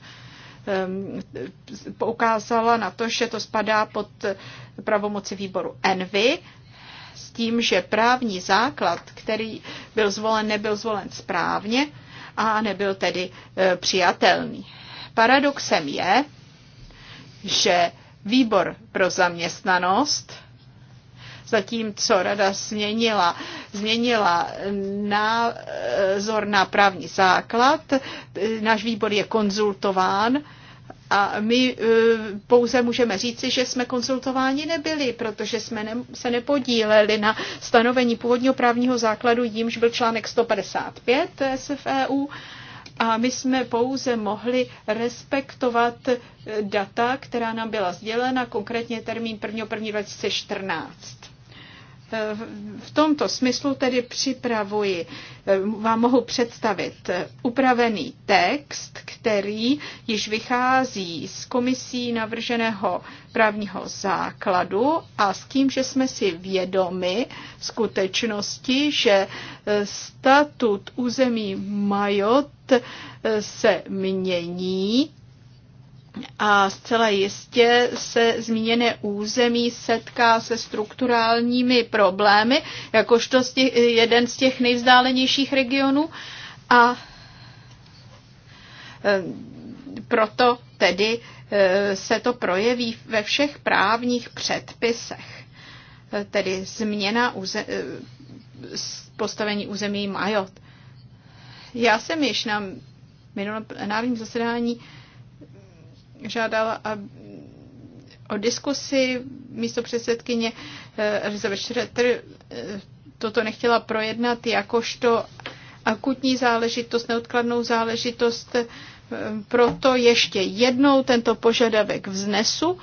eh, poukázala na to, že to spadá pod pravomoci výboru Envy tím, že právní základ, který byl zvolen, nebyl zvolen správně a nebyl tedy e, přijatelný. Paradoxem je, že výbor pro zaměstnanost, zatímco rada změnila, změnila názor na právní základ, e, náš výbor je konzultován a my e, pouze můžeme říci, že jsme konzultováni nebyli, protože jsme ne, se nepodíleli na stanovení původního právního základu, jímž byl článek 155 SFEU. A my jsme pouze mohli respektovat e, data, která nám byla sdělena, konkrétně termín 1.1.2014. Eh, v tomto smyslu tedy připravuji, eh, vám mohu představit eh, upravený text, který již vychází z komisí navrženého právního základu a s tím, že jsme si vědomi skutečnosti, že statut území Majot se mění a zcela jistě se zmíněné území setká se strukturálními problémy, jakožto jeden z těch nejvzdálenějších regionů. A e, proto tedy e, se to projeví ve všech právních předpisech. E, tedy změna uze- postavení území Majot. Já jsem již na minulém plenárním zasedání žádala o diskusi místo předsedkyně eh, Elizabeth Schroeder eh, toto nechtěla projednat jakožto akutní záležitost, neodkladnou záležitost. Eh, proto ještě jednou tento požadavek vznesu.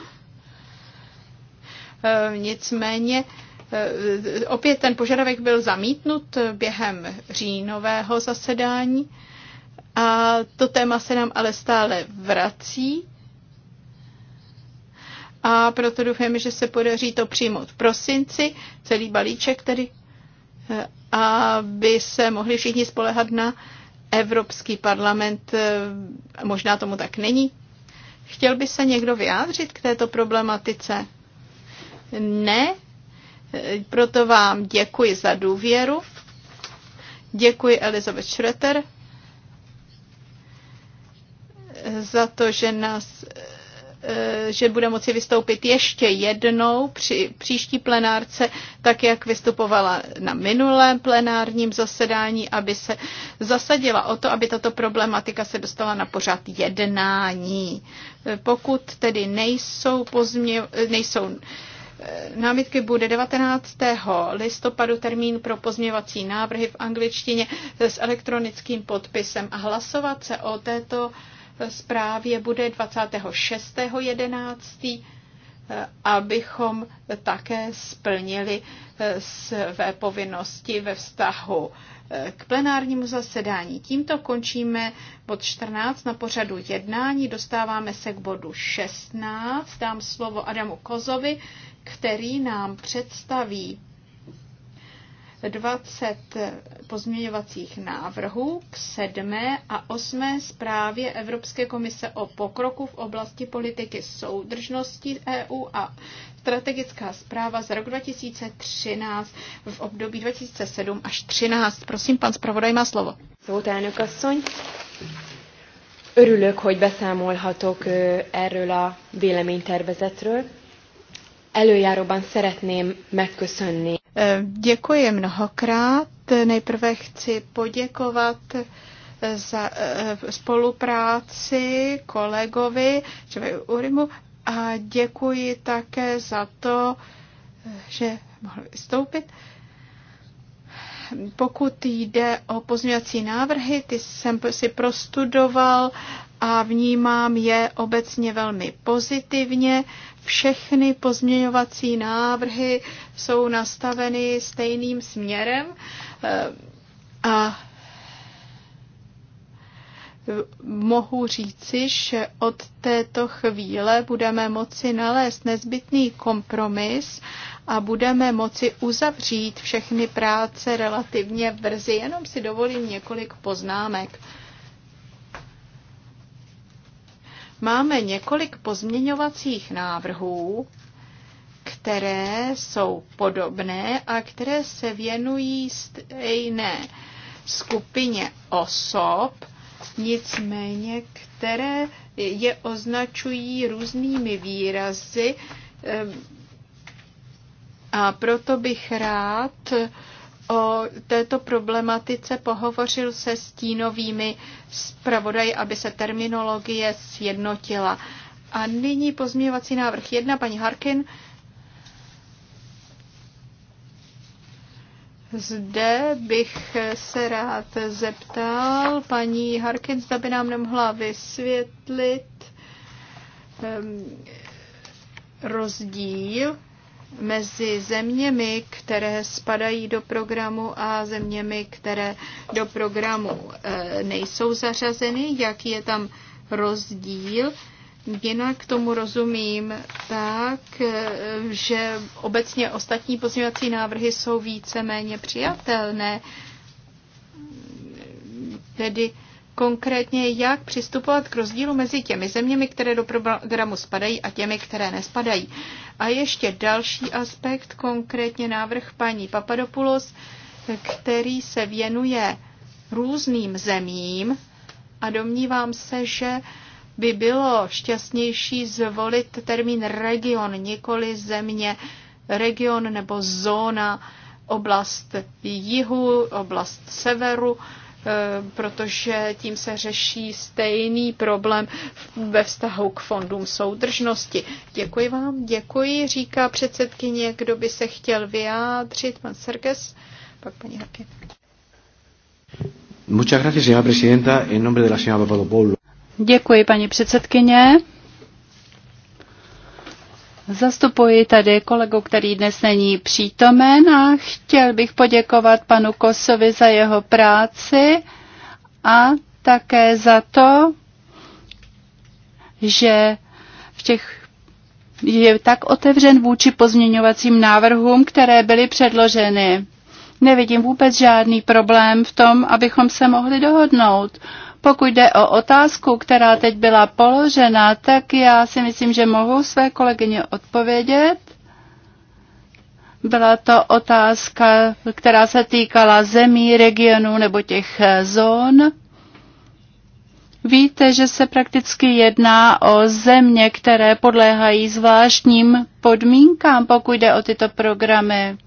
Nicméně opět ten požadavek byl zamítnut během říjnového zasedání a to téma se nám ale stále vrací a proto doufáme, že se podaří to přijmout v prosinci, celý balíček tedy, eh, aby se mohli všichni spolehat na Evropský parlament. Eh, možná tomu tak není. Chtěl by se někdo vyjádřit k této problematice? Ne? Eh, proto vám děkuji za důvěru. Děkuji Elizabeth Schroeter za to, že nás Eh, že bude moci vystoupit ještě jednou při příští plenárce, tak jak vystupovala na minulém plenárním zasedání, aby se zasadila o to, aby tato problematika se dostala na pořad jednání. Eh, pokud tedy nejsou, pozmě, eh, nejsou námitky bude 19. listopadu termín pro pozměvací návrhy v angličtině s elektronickým podpisem a hlasovat se o této zprávě bude 26.11., eh, abychom také splnili eh, své povinnosti ve vztahu eh, k plenárnímu zasedání. Tímto končíme bod 14 na pořadu jednání. Dostáváme se k bodu 16. Dám slovo Adamu Kozovi, který nám představí 20 pozměňovacích návrhů k sedmé a osmé zprávě Evropské komise o pokroku v oblasti politiky soudržnosti EU a strategická zpráva z rok 2013 v období 2007 až 2013. Prosím, pan zpravodaj má slovo. Szót asszony. Örülök, hogy beszámolhatok erről a véleménytervezetről előjáróban szeretném megköszönni. Děkuji mnohokrát. Nejprve chci poděkovat za spolupráci kolegovi Urimu a děkuji také za to, že mohl vystoupit. Pokud jde o pozměňovací návrhy, ty jsem si prostudoval a vnímám je obecně velmi pozitivně všechny pozměňovací návrhy jsou nastaveny stejným směrem eh, a mohu říci, že od této chvíle budeme moci nalézt nezbytný kompromis a budeme moci uzavřít všechny práce relativně brzy. Jenom si dovolím několik poznámek. Máme několik pozměňovacích návrhů, které jsou podobné a které se věnují stejné skupině osob, nicméně které je označují různými výrazy. Ehm, a proto bych rád o této problematice pohovořil se stínovými zpravodaji, aby se terminologie sjednotila. A nyní pozměňovací návrh 1, paní Harkin. Zde bych se rád zeptal paní Harkin, zda by nám nemohla vysvětlit um, rozdíl mezi zeměmi, které spadají do programu a zeměmi, které do programu eh, nejsou zařazeny, jak je tam rozdíl. Jinak tomu rozumím tak, eh, že obecně ostatní pozměňovací návrhy jsou víceméně přijatelné. Tedy konkrétně, jak přistupovat k rozdílu mezi těmi zeměmi, které do programu spadají a těmi, které nespadají. A ještě další aspekt, konkrétně návrh paní Papadopoulos, který se věnuje různým zemím a domnívám se, že by bylo šťastnější zvolit termín region, nikoli země, region nebo zóna, oblast jihu, oblast severu, Eh, protože tím se řeší stejný problém ve vztahu k fondům soudržnosti. Děkuji vám, děkuji, říká předsedkyně, kdo by se chtěl vyjádřit, pan Serges, pak paní Haky. Muchas gracias, señora presidenta, en nombre de la señora Papadopoulou. Děkuji, paní předsedkyně. Zastupuji tady kolegu, který dnes není přítomen a chtěl bych poděkovat panu Kosovi za jeho práci a také za to, že v těch je tak otevřen vůči pozměňovacím návrhům, které byly předloženy. Nevidím vůbec žádný problém v tom, abychom se mohli dohodnout. Pokud jde o otázku, která teď byla položena, tak já si myslím, že mohu své kolegyně odpovědět. Byla to otázka, která se týkala zemí, regionů nebo těch eh, zón. Víte, že se prakticky jedná o země, které podléhají zvláštním podmínkám, pokud jde o tyto programy.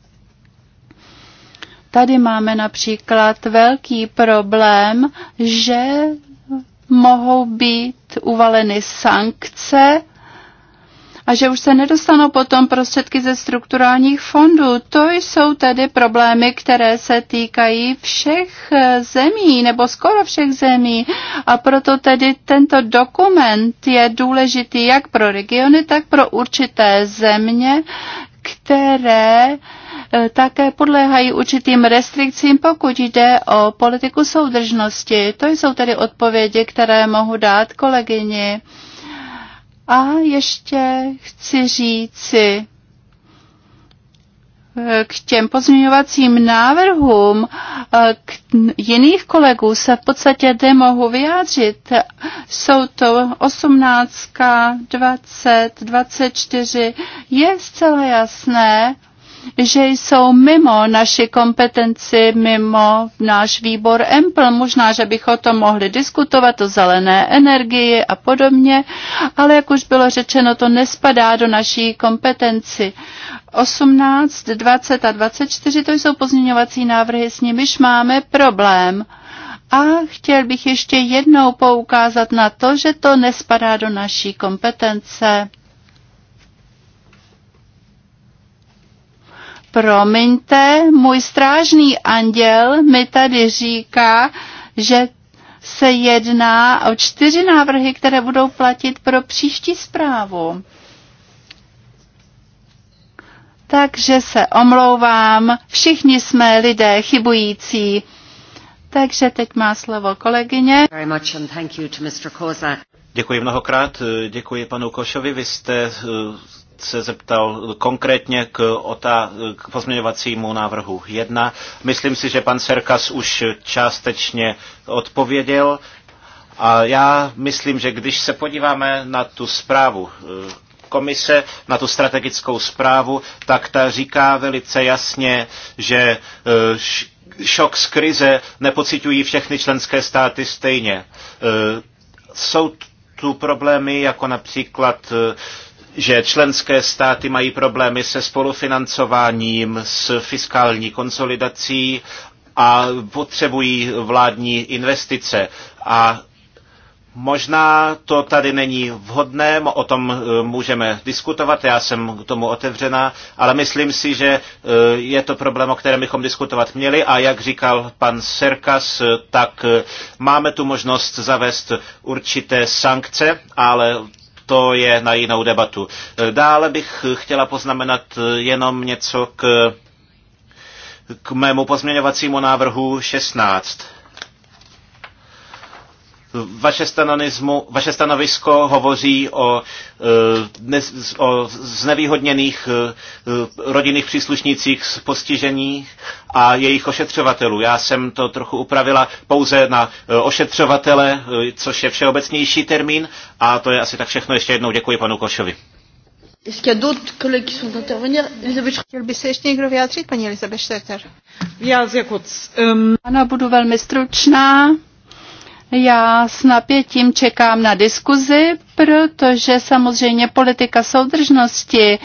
Tady máme například velký problém, že mohou být uvaleny sankce a že už se nedostanou potom prostředky ze strukturálních fondů. To jsou tedy problémy, které se týkají všech zemí, nebo skoro všech zemí. A proto tedy tento dokument je důležitý jak pro regiony, tak pro určité země, které Eh, také podléhají určitým restrikcím, pokud jde o politiku soudržnosti. To jsou tedy odpovědi, které mohu dát kolegyni. A ještě chci říci eh, k těm pozměňovacím návrhům eh, k jiných kolegů se v podstatě nemohu vyjádřit. Jsou to 18, 20, 24. Je zcela jasné, že jsou mimo naši kompetenci, mimo náš výbor EMPL. Možná, že bych o tom mohli diskutovat, o zelené energii a podobně, ale jak už bylo řečeno, to nespadá do naší kompetenci. 18, 20 a 24 to jsou pozměňovací návrhy, s nimiž máme problém. A chtěl bych ještě jednou poukázat na to, že to nespadá do naší kompetence. promiňte, můj strážný anděl mi tady říká, že se jedná o čtyři návrhy, které budou platit pro příští zprávu. Takže se omlouvám, všichni jsme lidé chybující. Takže teď má slovo kolegyně. Děkuji mnohokrát, děkuji panu Košovi, vy jste eh, se zeptal konkrétně k, otá, k pozměňovacímu návrhu 1. Myslím si, že pan Serkas už částečně odpověděl. A já myslím, že když se podíváme na tu zprávu e, komise, na tu strategickou zprávu, tak ta říká velice jasně, že e, šok z krize nepocitují všechny členské státy stejně. E, jsou tu problémy jako například že členské státy mají problémy se spolufinancováním, s fiskální konsolidací a potřebují vládní investice. A Možná to tady není vhodné, o tom e, můžeme diskutovat, já jsem k tomu otevřená, ale myslím si, že e, je to problém, o kterém bychom diskutovat měli a jak říkal pan Serkas, e, tak máme tu možnost zavést určité sankce, ale to je na jinou debatu. Dále bych chtěla poznamenat jenom něco k, k mému pozměňovacímu návrhu 16 vaše, vaše stanovisko hovoří o, e, o znevýhodněných e, e, rodinných příslušnících z postižení a jejich ošetřovatelů. Já jsem to trochu upravila pouze na ošetřovatele, což je všeobecnější termín a to je asi tak všechno. Ještě jednou děkuji panu Košovi. Est-ce qu'il y a d'autres collègues qui sont Elisabeth Chtěl by se ještě někdo vyjádřit, paní Elisabeth Schroeder? Já sehr kurz. Um... Ano, budu velmi stručná. Já s napětím čekám na diskuzi, protože samozřejmě politika soudržnosti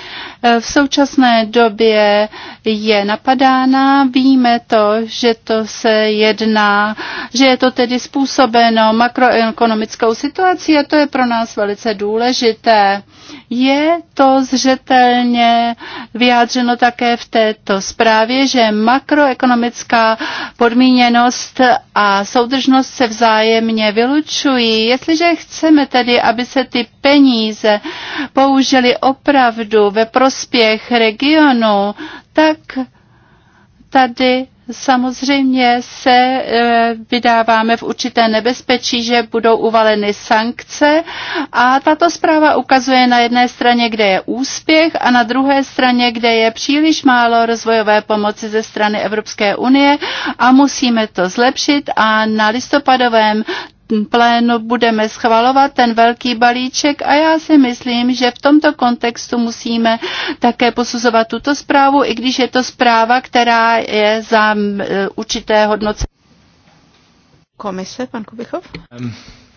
eh, v současné době je napadána. Víme to, že to se jedná, že je to tedy způsobeno makroekonomickou situací a to je pro nás velice důležité. Je to zřetelně vyjádřeno také v této zprávě, že makroekonomická podmíněnost a soudržnost se vzájemně vylučují. Jestliže chceme tedy, aby se ty peníze použili opravdu ve prospěch regionu, tak tady Samozřejmě se eh, vydáváme v určité nebezpečí, že budou uvaleny sankce a tato zpráva ukazuje na jedné straně, kde je úspěch a na druhé straně, kde je příliš málo rozvojové pomoci ze strany Evropské unie a musíme to zlepšit a na listopadovém plénu budeme schvalovat ten velký balíček a já si myslím, že v tomto kontextu musíme také posuzovat tuto zprávu, i když je to zpráva, která je za e, určité hodnoce. Komise, pan Kubichov? Um.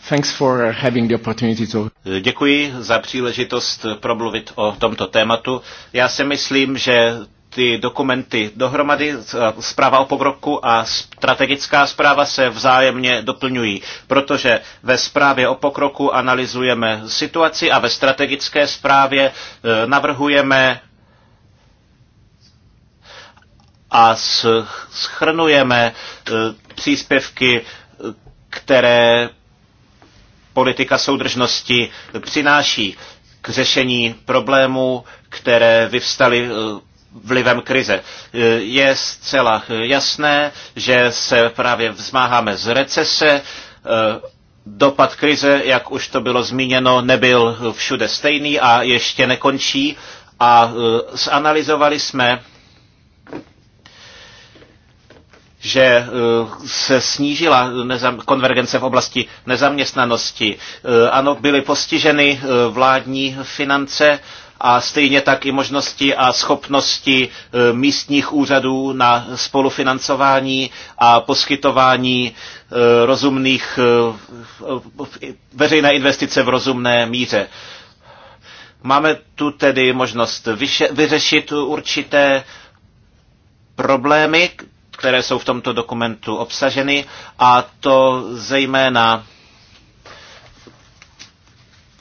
Thanks for having the opportunity to... Děkuji za příležitost promluvit o tomto tématu. Já si myslím, že ty dokumenty dohromady, zpráva o pokroku a strategická zpráva se vzájemně doplňují, protože ve zprávě o pokroku analyzujeme situaci a ve strategické zprávě e, navrhujeme a schrnujeme e, příspěvky, e, které politika soudržnosti přináší k řešení problémů, které vyvstaly vlivem krize. Je zcela jasné, že se právě vzmáháme z recese, Dopad krize, jak už to bylo zmíněno, nebyl všude stejný a ještě nekončí. A e, zanalizovali jsme, že e, se snížila konvergence v oblasti nezaměstnanosti. E, ano, byly postiženy vládní finance, a stejně tak i možnosti a schopnosti e, místních úřadů na spolufinancování a poskytování e, rozumných e, veřejné investice v rozumné míře. Máme tu tedy možnost vyřešit určité problémy, které jsou v tomto dokumentu obsaženy, a to zejména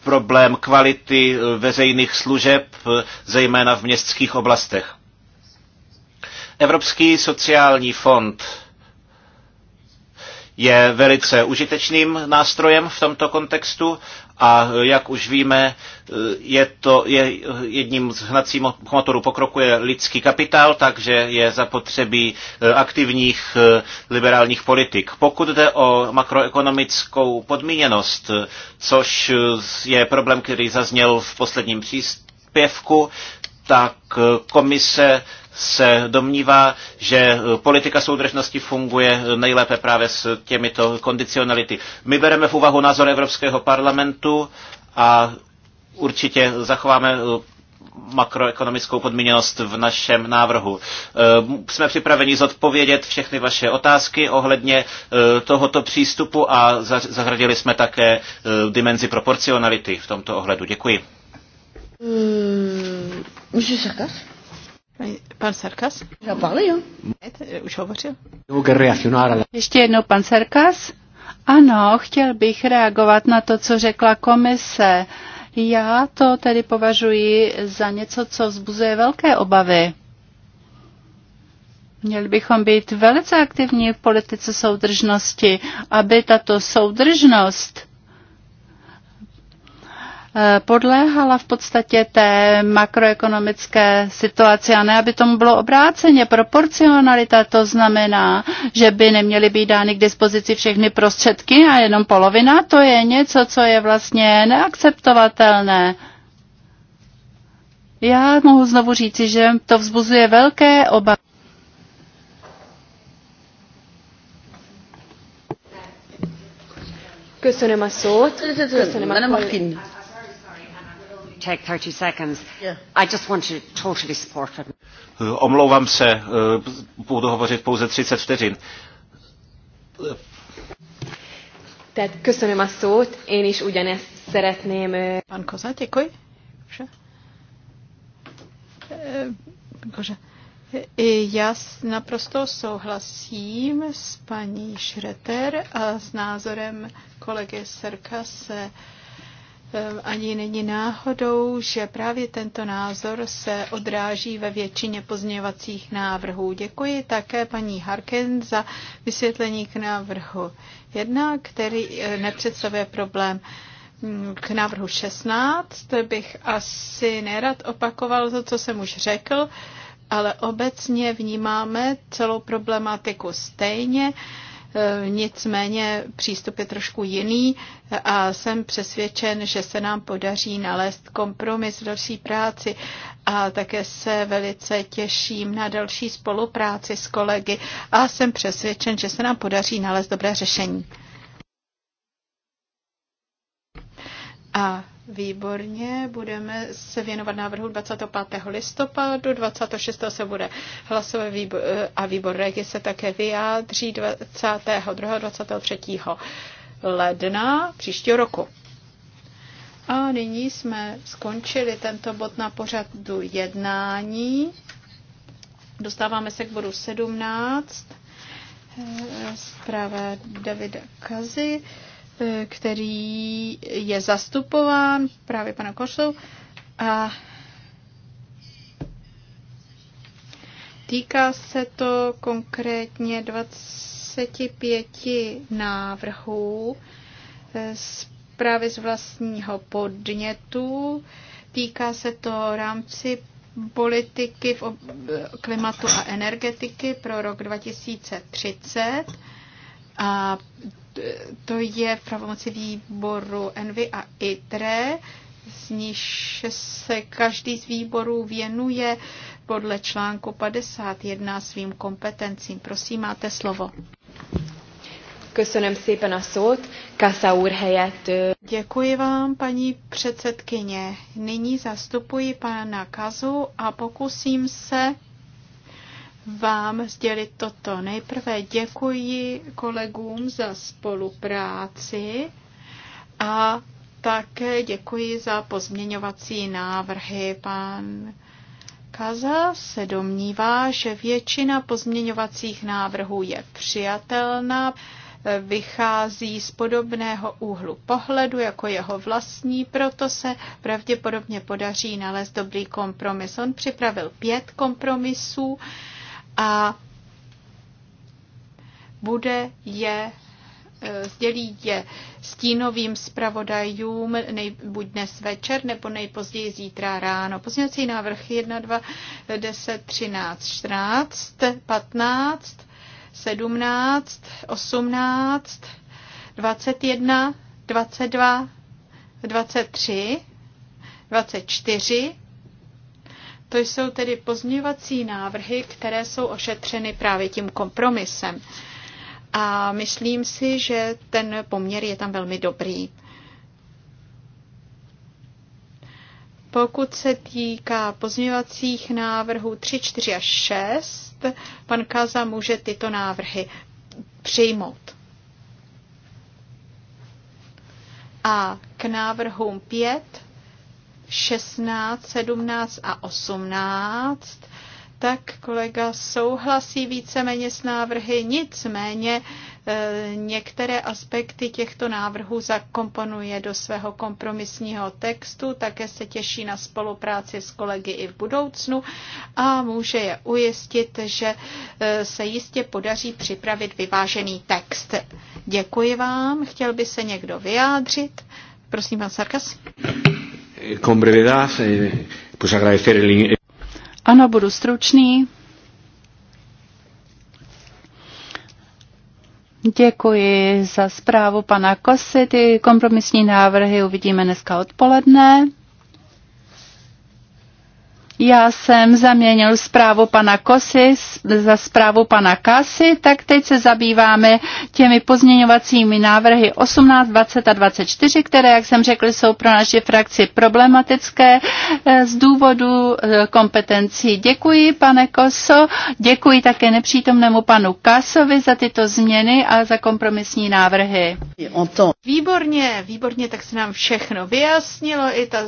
problém kvality eh, veřejných služeb, eh, zejména v městských oblastech. Evropský sociální fond je velice užitečným nástrojem v tomto kontextu a eh, jak už víme, eh, je to je eh, jedním z hnacích motorů pokroku je lidský kapitál, takže je zapotřebí aktivních liberálních politik. Pokud jde o makroekonomickou podmíněnost, což je problém, který zazněl v posledním příspěvku, tak komise se domnívá, že eh, politika soudržnosti funguje eh, nejlépe právě s těmito kondicionality. My bereme v úvahu názor Evropského parlamentu a určitě zachováme eh, makroekonomickou podmíněnost v našem návrhu. Jsme připraveni zodpovědět všechny vaše otázky ohledně tohoto přístupu a zahradili jsme také dimenzi proporcionality v tomto ohledu. Děkuji. Mm, Pan Sarkas? Eh, už hovořil? Ještě jednou pan Sarkas? Ano, chtěl bych reagovat na to, co řekla komise. Já to tedy považuji za něco, co vzbuzuje velké obavy. Měli bychom být velice aktivní v politice soudržnosti, aby tato soudržnost podléhala v podstatě té makroekonomické situaci a ne, aby tomu bylo obráceně. Proporcionalita to znamená, že by neměly být dány k dispozici všechny prostředky a jenom polovina, to je něco, co je vlastně neakceptovatelné. Já mohu znovu říci, že to vzbuzuje velké obavy. Köszönöm a szót. Köszönöm a take 30 seconds. Yeah. I just want to totally support it. Eh, omlouvám se, eh, budu hovořit pouze 30 vteřin. Tehát köszönöm a szót, én is ugyanezt szeretném. Eh, Pan Koza, děkuji. Bože. Já naprosto souhlasím s paní Šreter a s názorem kolegy Serka se Ehm, ani není náhodou, že právě tento názor se odráží ve většině pozměňovacích návrhů. Děkuji také paní Harken za vysvětlení k návrhu 1, který eh, nepředstavuje problém hmm, k návrhu 16 bych asi nerad opakoval to, co jsem už řekl, ale obecně vnímáme celou problematiku stejně Eh, nicméně přístup je trošku jiný a jsem přesvědčen, že se nám podaří nalézt kompromis v další práci a také se velice těším na další spolupráci s kolegy a jsem přesvědčen, že se nám podaří nalézt dobré řešení. A Výborně, budeme se věnovat návrhu 25. listopadu, 26. se bude hlasovat výbor, a výbor regi se také vyjádří 22. 23. ledna příštího roku. A nyní jsme skončili tento bod na pořadu jednání. Dostáváme se k bodu 17. Eh, zpráva Davida Kazy který je zastupován právě panem Košlou a týká se to konkrétně 25 návrhů eh, z právě z vlastního podnětu. Týká se to rámci politiky v ob- klimatu a energetiky pro rok 2030. A to je v pravomoci výboru Envy a ITRE, z níž se každý z výborů věnuje podle článku 51 svým kompetencím. Prosím, máte slovo. Köszönöm szépen a szót. Kassa úr helyett. Děkuji vám, paní předsedkyně. Nyní zastupuji pana Kazu a pokusím se vám sdělit toto. Nejprve děkuji kolegům za spolupráci a také děkuji za pozměňovací návrhy. Pan Kaza se domnívá, že většina pozměňovacích návrhů je přijatelná, vychází z podobného úhlu pohledu jako jeho vlastní, proto se pravděpodobně podaří nalézt dobrý kompromis. On připravil pět kompromisů, a bude je eh, sdělí je stínovým zpravodajům nej, buď dnes večer nebo nejpozději zítra ráno. Pozměňovací návrh 1, 2, 10, 13, 14, 15, 17, 18, 21, 22, 23, 24, to jsou tedy pozměňovací návrhy, které jsou ošetřeny právě tím kompromisem. A myslím si, že ten poměr je tam velmi dobrý. Pokud se týká pozměňovacích návrhů 3, 4 a 6, pan Kaza může tyto návrhy přijmout. A k návrhům 5 16, 17 a 18, tak kolega souhlasí víceméně s návrhy, nicméně e, některé aspekty těchto návrhů zakomponuje do svého kompromisního textu, také se těší na spolupráci s kolegy i v budoucnu a může je ujistit, že e, se jistě podaří připravit vyvážený text. Děkuji vám. Chtěl by se někdo vyjádřit? Prosím, pan Sarkas con brevedad, eh, pues agradecer el... Ano, budu stručný. Děkuji za zprávu pana Kosy. Ty kompromisní návrhy uvidíme dneska odpoledne. Já jsem zaměnil zprávu pana Kosy za zprávu pana Kasy, tak teď se zabýváme těmi pozměňovacími návrhy 18, 20 a 24, které, jak jsem řekl, jsou pro naši frakci problematické eh, z důvodu eh, kompetencí. Děkuji, pane Koso, děkuji také nepřítomnému panu Kasovi za tyto změny a za kompromisní návrhy. Výborně, výborně, tak se nám všechno vyjasnilo, i ta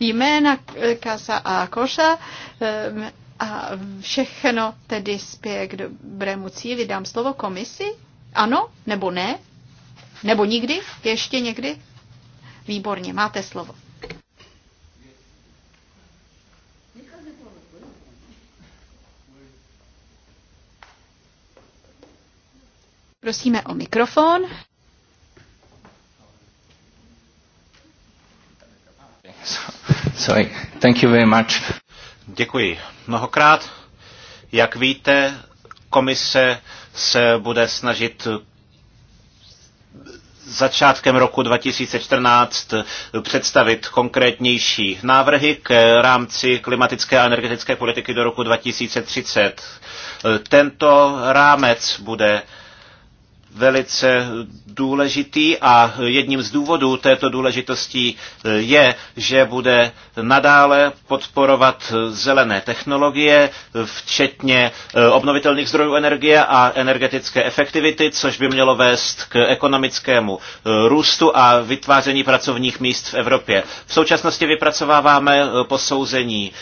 jména, Kasa a Koša ehm, a všechno tedy spěje k dobrému cíli. Dám slovo komisi? Ano? Nebo ne? Nebo nikdy? Ještě někdy? Výborně, máte slovo. Prosíme o mikrofon. Sorry. Thank you very much. Děkuji mnohokrát. Jak víte, komise se bude snažit začátkem roku 2014 představit konkrétnější návrhy k rámci klimatické a energetické politiky do roku 2030. Tento rámec bude velice důležitý a jedním z důvodů této důležitosti je, že bude nadále podporovat zelené technologie, včetně eh, obnovitelných zdrojů energie a energetické efektivity, což by mělo vést k ekonomickému eh, růstu a vytváření pracovních míst v Evropě. V současnosti vypracováváme eh, posouzení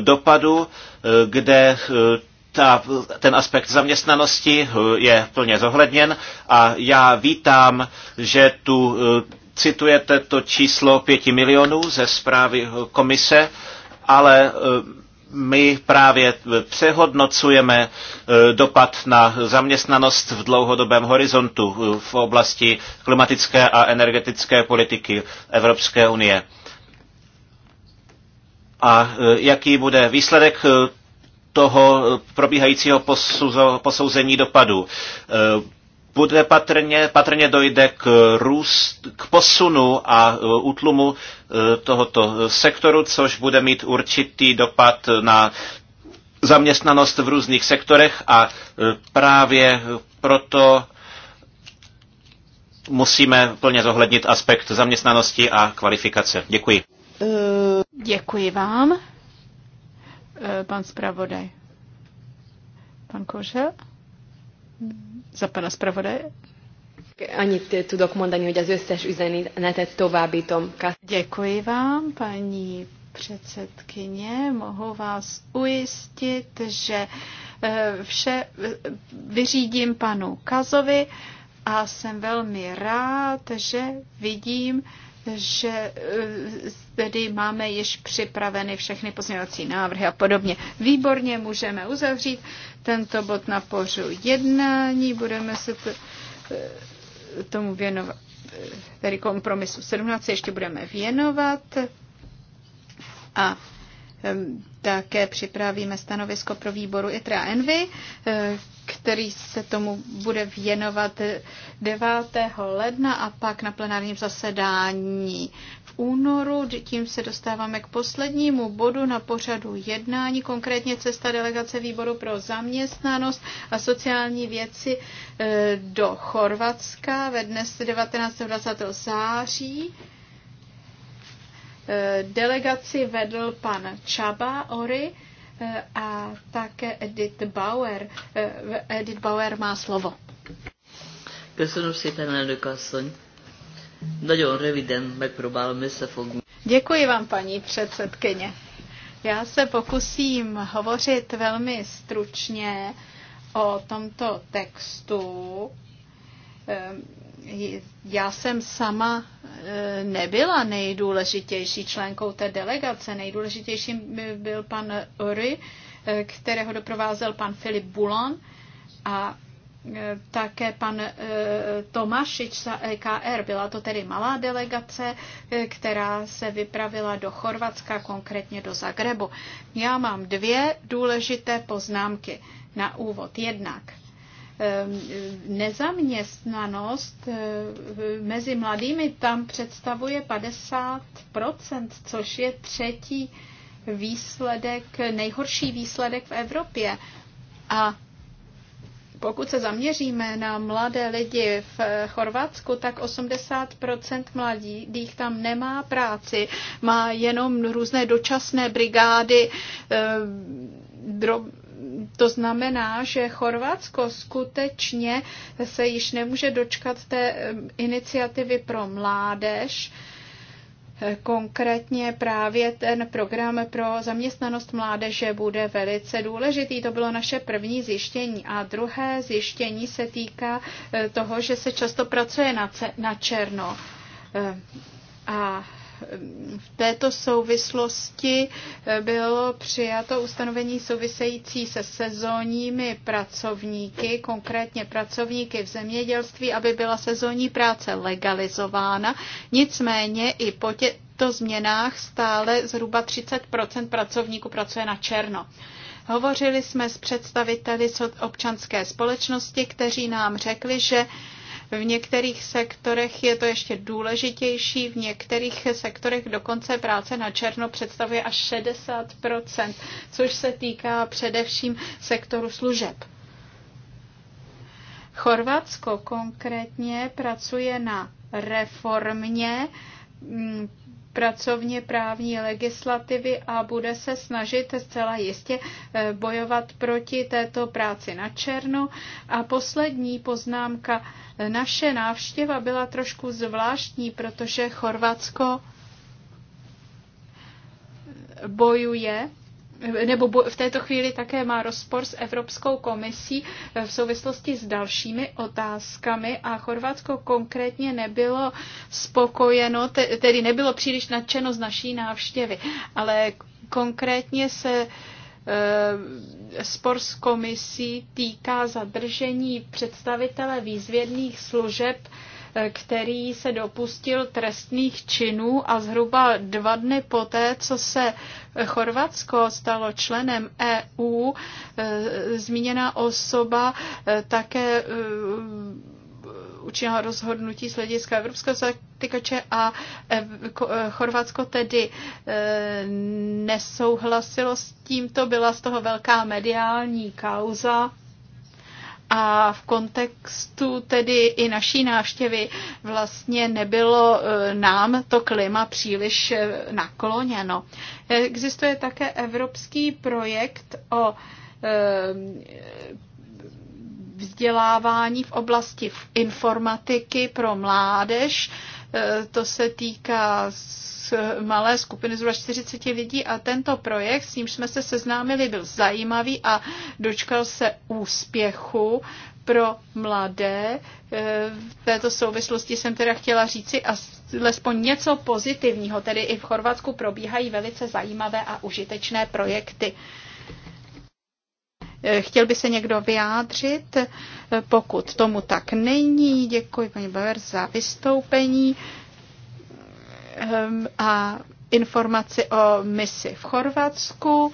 dopadu, kde ta, ten aspekt zaměstnanosti eh, je plně zohledněn a já vítám, že tu eh, citujete to číslo pěti milionů ze zprávy eh, komise, ale my právě přehodnocujeme dopad na zaměstnanost v dlouhodobém horizontu v oblasti klimatické a energetické politiky Evropské unie. A jaký bude výsledek, toho probíhajícího posouzení dopadu. E, bude patrně, patrně dojde k, růst, k posunu a e, útlumu e, tohoto sektoru, což bude mít určitý dopad na zaměstnanost v různých sektorech a právě proto musíme plně zohlednit aspekt zaměstnanosti a kvalifikace. Děkuji. Děkuji vám. Eh, pan zpravodaj. Pan Kožel? Za pana zpravodaje? Annyit tudok mondani, hogy az összes üzenetet Děkuji vám, paní předsedkyně. Mohu vás ujistit, že eh, vše eh, vyřídím panu Kazovi a jsem velmi rád, že vidím, že eh, tedy máme již připraveny všechny pozměňovací návrhy a podobně. Výborně můžeme uzavřít tento bod na pořu jednání. Budeme se to, eh, tomu věnovat, eh, tedy kompromisu 17 ještě budeme věnovat. A také připravíme stanovisko pro výboru ITRA Envy, který se tomu bude věnovat 9. ledna a pak na plenárním zasedání v únoru. Tím se dostáváme k poslednímu bodu na pořadu jednání, konkrétně cesta delegace výboru pro zaměstnanost a sociální věci eh, do Chorvatska ve dnes 19. 20. září. Eh, delegaci vedl pan Čaba Ory a také Edith Bauer. Eh, Edith Bauer má slovo. Köszönöm szépen, elnök asszony. Nagyon röviden megpróbálom összefogni. Děkuji vám, paní předsedkyně. Já se pokusím hovořit velmi stručně o tomto textu ehm, já jsem sama e, nebyla nejdůležitější členkou té delegace. Nejdůležitějším byl pan Ory, e, kterého doprovázel pan Filip Bulon a e, také pan Tomášič za EKR. Byla to tedy malá delegace, která se vypravila do Chorvatska, konkrétně do Zagrebu. Já mám dvě důležité poznámky na úvod. Jednak Ehm, nezaměstnanost eh, mezi mladými tam představuje 50%, což je třetí výsledek, nejhorší výsledek v Evropě. A pokud se zaměříme na mladé lidi v eh, Chorvatsku, tak 80% mladých tam nemá práci, má jenom různé dočasné brigády, ehm, drob, to znamená, že Chorvatsko skutečně se již nemůže dočkat té iniciativy pro mládež, eh, Konkrétně právě ten program pro zaměstnanost mládeže bude velice důležitý. To bylo naše první zjištění. A druhé zjištění se týká eh, toho, že se často pracuje na, na černo. Eh, a v této souvislosti eh, bylo přijato ustanovení související se sezónními pracovníky, konkrétně pracovníky v zemědělství, aby byla sezónní práce legalizována. Nicméně i po těchto změnách stále zhruba 30 pracovníků pracuje na černo. Hovořili jsme s představiteli občanské společnosti, kteří nám řekli, že v některých sektorech je to ještě důležitější, v některých sektorech dokonce práce na černo představuje až 60 což se týká především sektoru služeb. Chorvatsko konkrétně pracuje na reformě mm, pracovně právní legislativy a bude se snažit zcela jistě eh, bojovat proti této práci na černo. A poslední poznámka. Naše návštěva byla trošku zvláštní, protože Chorvatsko bojuje nebo v této chvíli také má rozpor s Evropskou komisí v souvislosti s dalšími otázkami a Chorvatsko konkrétně nebylo spokojeno, tedy nebylo příliš nadšeno z naší návštěvy, ale konkrétně se eh, spor s komisí týká zadržení představitele výzvědných služeb který se dopustil trestných činů a zhruba dva dny poté, co se Chorvatsko stalo členem EU, e, zmíněná osoba e, také e, učinila rozhodnutí z hlediska evropského zatykače a Chorvatsko tedy nesouhlasilo s tímto. Byla z toho velká mediální kauza a v kontextu tedy i naší návštěvy vlastně nebylo e, nám to klima příliš e, nakloněno. Existuje také evropský projekt o e, vzdělávání v oblasti informatiky pro mládež, Eh, to se týká malé skupiny zhruba 40 lidí a tento projekt, s ním jsme se seznámili, byl zajímavý a dočkal se úspěchu pro mladé. Eh, v této souvislosti jsem teda chtěla říci alespoň něco pozitivního, tedy i v Chorvatsku probíhají velice zajímavé a užitečné projekty. Eh, chtěl by se někdo vyjádřit? Eh, pokud tomu tak není, děkuji paní Bauer za vystoupení ehm, a informaci o misi v Chorvatsku.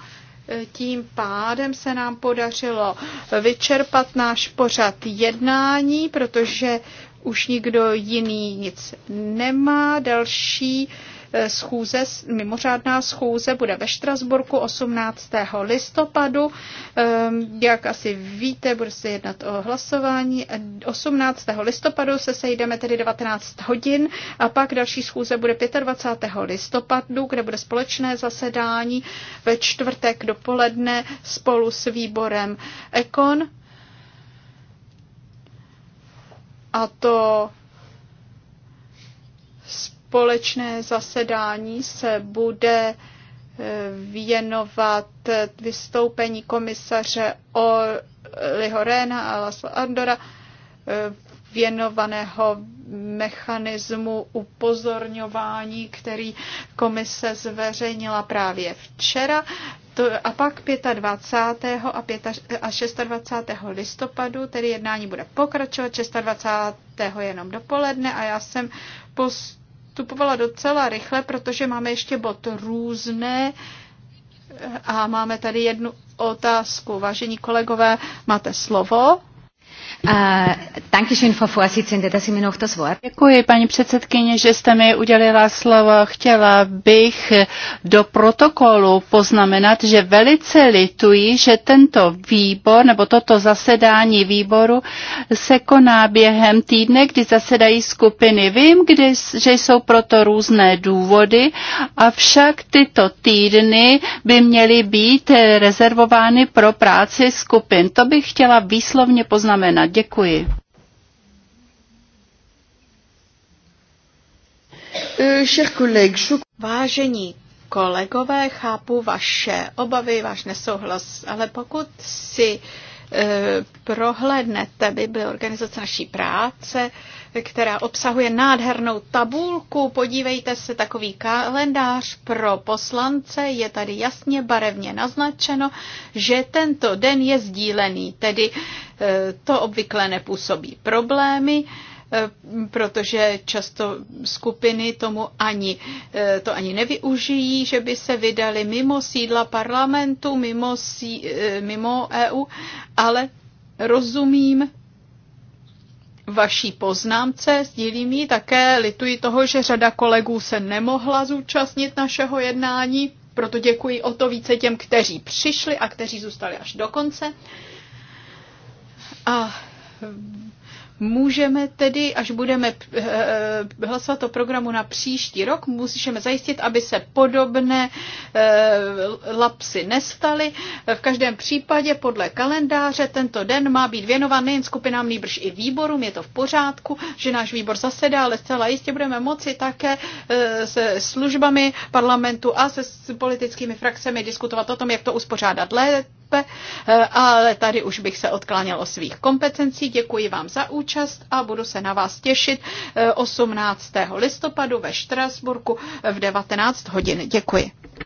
Eh, tím pádem se nám podařilo vyčerpat náš pořad jednání, protože už nikdo jiný nic nemá. Další Eh, schůze, mimořádná schůze bude ve Štrasburku 18. listopadu. Ehm, jak asi víte, bude se jednat o hlasování. 18. Eh, listopadu se sejdeme tedy 19 hodin a pak další schůze bude 25. listopadu, kde bude společné zasedání ve čtvrtek dopoledne spolu s výborem Econ A to společné zasedání se bude eh, věnovat vystoupení komisaře Oliho Réna a Lasla Andora eh, věnovaného mechanismu upozorňování, který komise zveřejnila právě včera. To, a pak 25. a, 25. a 26. listopadu, tedy jednání bude pokračovat, 26. jenom dopoledne a já jsem post postupovala docela rychle, protože máme ještě bod různé a máme tady jednu otázku. Vážení kolegové, máte slovo. Děkuji, paní předsedkyně, že jste mi udělila slovo. Chtěla bych do protokolu poznamenat, že velice lituji, že tento výbor nebo toto zasedání výboru se koná během týdne, kdy zasedají skupiny. Vím, kdy, že jsou proto různé důvody, avšak tyto týdny by měly být rezervovány pro práci skupin. To bych chtěla výslovně poznamenat. Děkuji. Eh, Vážení kolegové, chápu vaše obavy, váš nesouhlas, ale pokud si e, prohlédnete Bibli organizace naší práce, která obsahuje nádhernou tabulku. Podívejte se, takový kalendář pro poslance je tady jasně barevně naznačeno, že tento den je sdílený, tedy eh, to obvykle nepůsobí problémy eh, protože často skupiny tomu ani, eh, to ani nevyužijí, že by se vydali mimo sídla parlamentu, mimo, mimo EU, ale rozumím vaší poznámce, sdílím ji také, lituji toho, že řada kolegů se nemohla zúčastnit našeho jednání, proto děkuji o to více těm, kteří přišli a kteří zůstali až do konce. A Můžeme tedy, až budeme eh, eh, hlasovat o programu na příští rok, musíme zajistit, aby se podobné eh, lapsy nestaly. V každém případě podle kalendáře tento den má být věnován nejen skupinám, nýbrž i výborům. Je to v pořádku, že náš výbor zasedá, ale zcela jistě budeme moci také se službami parlamentu a se politickými frakcemi diskutovat o tom, jak to uspořádat lépe, eh, ale tady už bych se odkláněl o svých kompetencí. Děkuji vám za účast a budu se na vás těšit eh, 18. listopadu ve Štrasburku v 19 hodin. Děkuji.